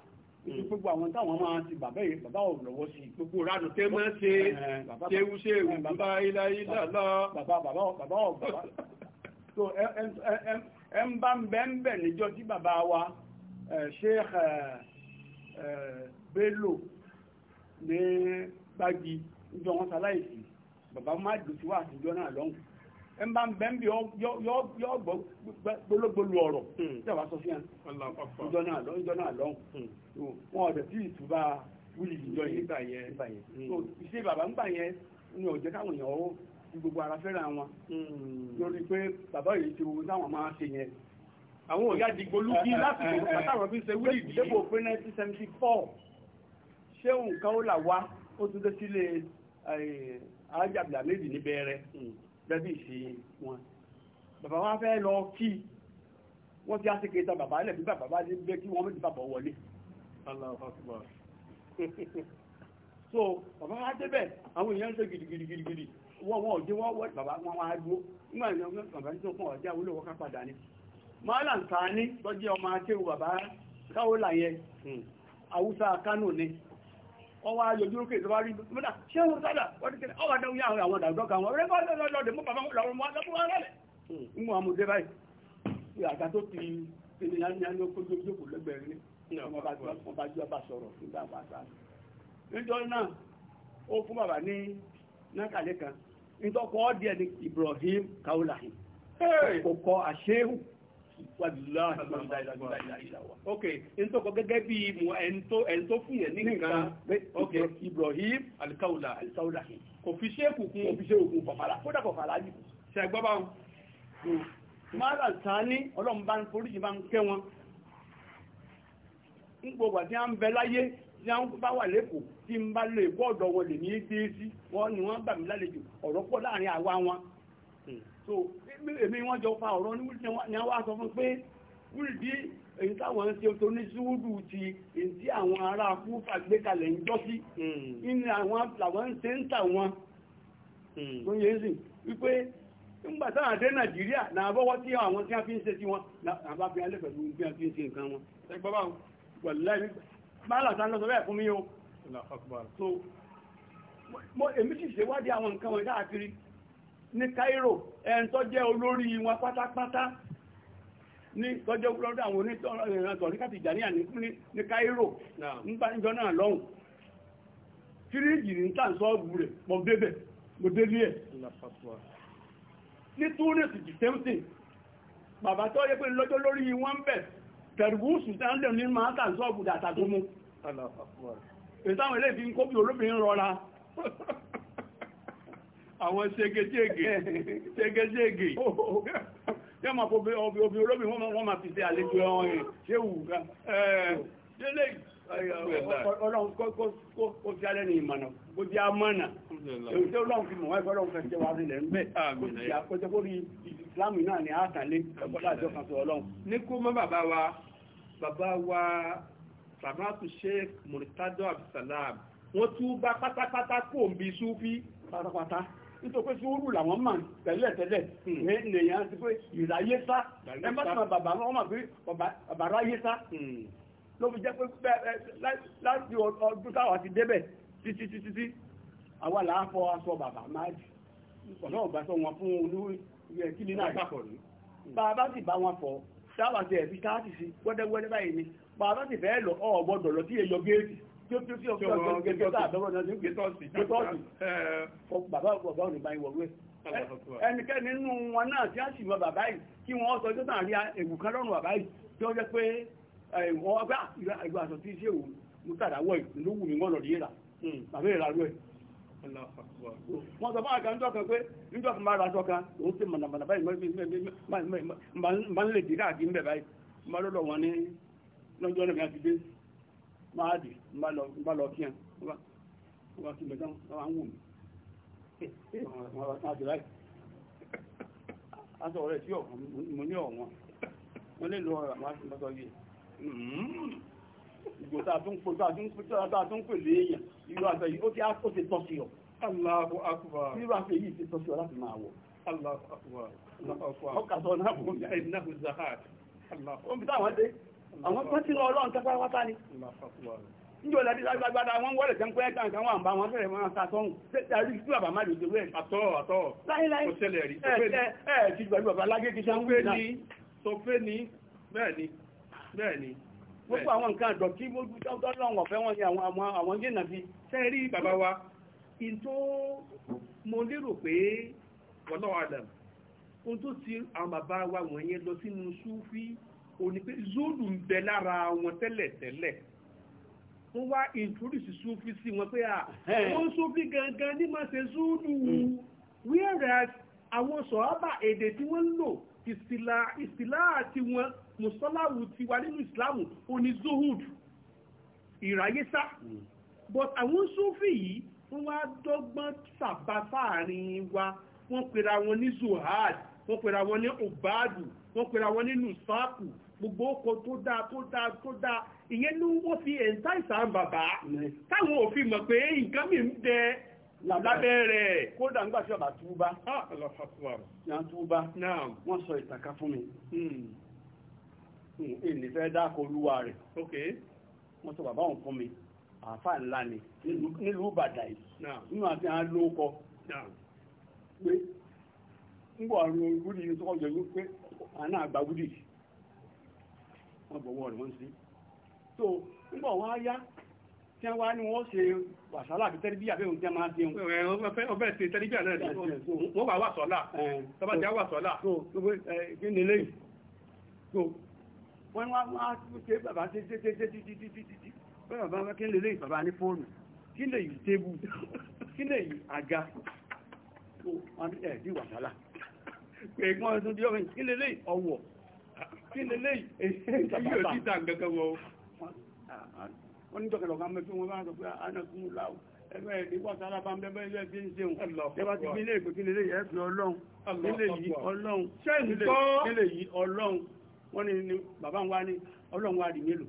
ìtú gbogbo àwọn táwọn máa ti bàbá yìí bàbá ò lọ́wọ́ sí gbogbo ránù tẹ́ mọ́ ṣe tẹ́wú ṣe ìwù bàbá ilá ilá lọ bàbá bàbá bàbá ọ̀bàbá so ẹ ń bá ń bẹ́ ń bẹ̀ níjọ́ tí bàbá wa Sheikh Bello ní gbági níjọ́ wọn ṣaláìsí bàbá má dùn sí wà àtijọ́ náà lọ́hùn ẹ bá ń bẹ́ ń bí yọ gbọ́ gbólógbòlù ọ̀rọ̀ tí a wá sọ sí yàn ìjọ náà lọ ìjọ náà lọ hmm. wọn ọ̀dẹ̀ tí ìtúbà wíìlì ìjọ yìí gbà yẹn hmm. ìṣe bàbá ń gbà yẹn ni ọ̀jẹ́ káwọn èèyàn ó fi gbogbo ara fẹ́ràn wọn hmm. lórí pé bàbá yìí ti wo táwọn máa ṣe yẹn àwọn òyà dìgbò lúkí eh, eh, láti lè eh, pàtàkì fi ṣe wíìlì yìí dépò pé 1974 ṣé nǹkan ó là wá ó tún dé sílé àájàbìlà méjì níbẹ̀rẹ̀ gẹ́bí ìṣe wọn bàbá wọn fẹ́ lọ kí wọ́n ti áṣe kẹta bàbá ilẹ̀ bí bàbá bá ṣe gbé kí wọ́n méjì bàbá wọlé so bàbá wa débẹ̀ àwọn èèyàn ṣe gidigidigidi wọ́n wọ́n òjé wọ́n wọ́n bàbá wọn wá dúró nígbà ìyàn bàbá ń sọkún ọ̀jẹ́ àwọn olówó ká padà ní mọ́là ń ta ní tọ́jú ọmọ akéwù bàbá káwó là yẹn Haúsá hmm. Kánò ni wọ́n wá yọjú lókè ìjọba wọ́n ọwà àwọn lọ́dọ̀ lọ́dẹ̀ mú bàbá rẹ̀ mú àmú dé báyìí tó ti ní Okay, n tó kọ gẹ́gẹ́ bí ẹn tó fún yẹn ní Ibrahim Alikawula Alikawula. Kò fi ṣéèkù kún. Kò fi ṣéèkù kún fàfàlà. Kódà fàfàlà yìí. Ṣé ẹ gbọ́ bá wọn? Mara Sani, ọlọ́run bá ń foríjì bá ń kẹ́ wọn. Ń gbogbo àti à ń bẹ láyé ní àwọn bá wà lẹ́kọ̀ọ́ tí ń bá lè bọ́ọ̀dọ̀ wọn ní dé sí. Wọ́n ni wọ́n gbà mí lálejò ọ̀rọ̀ pọ̀ láàrin àwa wọn. Hmm èmi wọ́n jọ fa ọ̀rọ̀ ní wíìdì ni wọ́n sọ fún pé wíìdì èyí táwọn ṣe tó ní ṣúúdù ti èyí tí àwọn ará fúfà gbé kalẹ̀ ń jọ́ sí hmm. ní àwọn làwọn ṣe ń tà wọn hmm. tó yẹ sí wípé nígbà nàìjíríà náà tí àwọn tí wọ́n fi ń ṣe tí wọn ní Cairo ẹni tó jẹ́ olórin wọn pátápátá ní tọ́jọ́ olórí àwọn onítọ̀ eh, ní kàtìjà ní Cairo nígbà níjọ náà lọ́hùn fíríjì ní tàǹsọ́ọ̀bù rẹ̀ mọ̀ débẹ̀ mo délé ẹ̀ ní túnẹ̀sì jù tẹ́mtì bàbá tó yẹ pé lọ́jọ́ lórí bẹ̀ tẹ́lẹ̀ ní máa àwọn ṣégéṣégé ṣégéṣégé oh, oh, oh. yẹ́ ma fò obì olóbì wọ́n ma fi ṣe àlejò ẹ̀wọ̀n rẹ̀ ṣe wù ká ẹ̀ẹ́dẹ́lẹ́ ọlọ́run kó fi alẹ́ ní ìmọ̀nà kó di amọ́nà èyí tí ọlọ́run fi mọ̀ wáyé ọlọ́run fẹ́ jẹ́ wá rílẹ̀ ń bẹ̀ kó jẹ́ kó rí ìsìlámù náà ní àtàlé ọgbọ́dá àjọ kan sọ ọlọ́run. ní kó mọ́ bàbá wa bàbá wa sàmátù sheikh murtado abdulsalam wọ́n tún bá pátápátá kó ń bi súfí pátápátá nítorí pé sùúrù làwọn máa tẹ́lẹ̀ tẹ́lẹ̀ hmm. nìyàn ti pé ìráyé sá ẹ má sọ bàbá wọn mà pé bàbá ráyé sá hmm. ló fi jẹ́ pé láti ọdún táwa ti débẹ̀ títí títí tí àwa là á fọ aṣọ bàbá máa jù ọ̀nà ọ̀gbà sọ wọn fún olú kílí náà gbàpọ̀ rí bàbá sì bá wọn fọ táwa ti ẹ̀ fi káàtì sí wẹ́dẹ́wẹ́dẹ́ báyìí ni bàbá sì fẹ́ lọ ọ̀ lọ sí ẹyọ géètì tí ó tí ó sí ọ̀gbẹ́ ọ̀gbẹ́ gẹ́gẹ́ tá àdọ́rọ̀ náà ní gẹ́tọ́ọ̀sì bàbá ọ̀gbà òní báyìí wọ̀rú ẹ̀ ẹnikẹ́ni nínú wọn náà tí a sì mọ bàbá yìí kí wọ́n sọ tó tàn rí ewu kan lọ́rùn bàbá yìí tí ó jẹ́ pé wọ́n gbá ìlú aṣọ tí ṣé òun mú tàdá wọ̀ ìlú wù mí wọ́n lọ yéra bàbá ìlà rú ẹ̀. wọ́n sọ fún máa dì lọ kí wọ́n bá kí mẹ́tàn wọ́n wọ́n bá tán àjẹ́láì aṣọ ọ̀rẹ́ tí ọ̀kan mo ní ọ̀wọ́n yìí hmm. ìgbò tá a tún ti tọ́ sí ọ Allahu akbar irú aṣọ yìí ti tọ́ sí ọ láti máa wọ̀ Allahu akbar ọkà náà fún mi àìsàn náà àwọn kan tí lọ ọlọ́run tẹ́pẹ́ wátá ni níjọ́ ìlàdí lágbàgbàdà wọ́n wọ́lẹ̀ tẹ́ ń pẹ́ ẹ̀kàn kan wà ń bá wọn fẹ́rẹ̀ máa sàtọ́hùn tẹ́rí tí bàbá máa lè wé àtọ́ àtọ́ láíláí òṣèlẹ̀ rí ẹ̀ẹ́ ti gbàgbà bàbá lágége sáńgbé ní sọ pé ní bẹ́ẹ̀ni bẹ́ẹ̀ni gbogbo àwọn nǹkan àjọ kí gbogbo ọlọ́run ọ̀fẹ́ wọn ni àwọn jìnnà fi tẹ́rí bàbá wa in tó mo lérò pé wọ́lọ́wọ́ adam ohun tó ti àwọn bàbá wa wọ̀nyẹn lọ sínú súfí òní pé zúdù ń bẹ lára wọn tẹ́lẹ̀tẹ́lẹ̀ wọ́n wá introduce sufi sí wọn pé ah, àwọn sufi gangan ní máa ṣe zúdù hmm. whereas àwọn sọ̀hábà èdè tí wọ́n ń lò ìsìlá àti wọn mùsọ́láwù ti wà nínú ìsìláàmù òní zuhud ìráyésá hmm. but àwọn sufi yìí wọ́n wá dọ́gbọ́n sàbá sáàrin wa wọ́n pera wọn ní zuhad wọ́n pera wọn ní obadu wọ́n pèrè àwọn nínú sáàpù gbogbo oko tó dáa tó dáa tó dáa ìyẹn ní wọ́n fi ẹ̀ǹtá ìsàn bàbá táwọn òfin mọ̀ pé nǹkan mi ń bẹ lábẹ́ rẹ̀. kódà ń gbà sí ọ̀bà túbá yà ah, ń túbá wọ́n sọ ìtàkà fún mi hmm. hmm, ènì fẹ́ dákọ̀ olúwa rẹ̀ wọ́n sọ bàbá òun fún mi àáfà ńlá ni nílùú bàdà yìí nínú àti àwọn alóòkọ ń àrùn gúdì ní tó kọjọ yóò àná àgbà wọ́n bọ̀wọ́ rẹ̀ wọ́n sí tó ń wọ́n á yá tí wọ́n ní wọ́n ṣe wàsálà àti tẹ́lifí àbẹ́hùn tí a máa ṣeun ọbẹ̀ wọ́n wà wàsọ́là tọ́bá ti á wàsọ́là kí ni lẹ́yìn tó ṣe ṣe ṣe ṣe ṣe bàbá wá kí ni lẹ́yìn bàbá ní fóònù kí lè yìí tébù kí lè yìí àga tó wọ́n ẹ̀ dí ẹ̀gbọ́n ọdún díọ̀ kí lélẹ̀ ọwọ́ kí lélẹ̀ yóò ti tà gẹ́gẹ́ wọ wọ́n ní tọ́kẹ̀lọ́ ká mẹ́fí wọn bá sọ pé anagun láwù ẹgbẹ́ ìdíkọ̀ sára bá ń bẹ́ bẹ́ẹ̀ bí ń ṣeun ẹgbẹ́ ti nílé ìpè kí lélẹ̀ yẹ fi ọlọ́run nílé yìí ọlọ́run nílé yìí ọlọ́run wọ́n ní bàbá wa ní ọlọ́run wa dì nílùú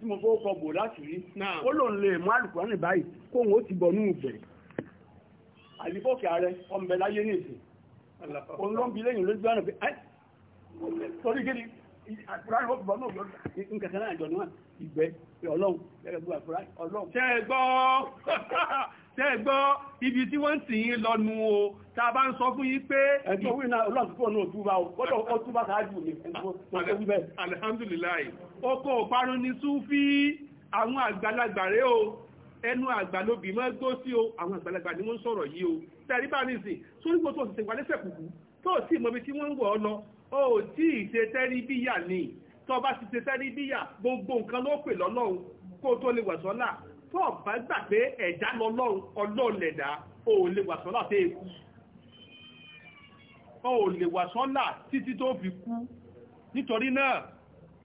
tí mo fọwọ́ kọ bò láti rí ó lòun lè mú àlùkùránì báyìí kóun ó ti bọ̀ ní ìbẹ̀ ààrẹ ọmọ ẹ̀láyé ní èdè òun ló ń bi lẹ́yìn lójú àná pé ẹ́ gidi ó bọ̀ náà ìgbẹ́ ọlọ́run ọlọ́run. tẹ́gbọ́ ibi tí wọ́n tì yín lọ́nu o tá a bá ń sọ fún yín pé ẹ̀tọ́ wí náà ọlọ́dúnkọ́ náà túbá o gbọ́dọ̀ ó túbá sáájú ní ẹgbẹ́ alhamdulilayi oko parun ni súfí àwọn àgbàlagbà rẹ̀ o ẹnu àgbàlóbì mọ́ gbó sí o àwọn àgbàlagbà ni wọ́n sọ̀rọ̀ yìí o tẹ̀rí bá nìsín sórí gbogbo òsìsẹ́ wà lẹ́sẹ̀ kùkú tó ò tí ì mọbi tí wọ́n ń wọ̀ ọ lọ o ò tí ì bíyà ni tó bá ti ṣe tẹ́rí bíyà gbogbo nǹkan ló pè lọ́lọ́run kó tó lè wà sọ́là tó ọ̀bá gbà pé ẹ̀dá lọ́lọ́run ọlọ́ọ̀lẹ̀dá o lè wà sọ́lá tó èkú o lè wà sọ́lá títí tó fi kú nítorí náà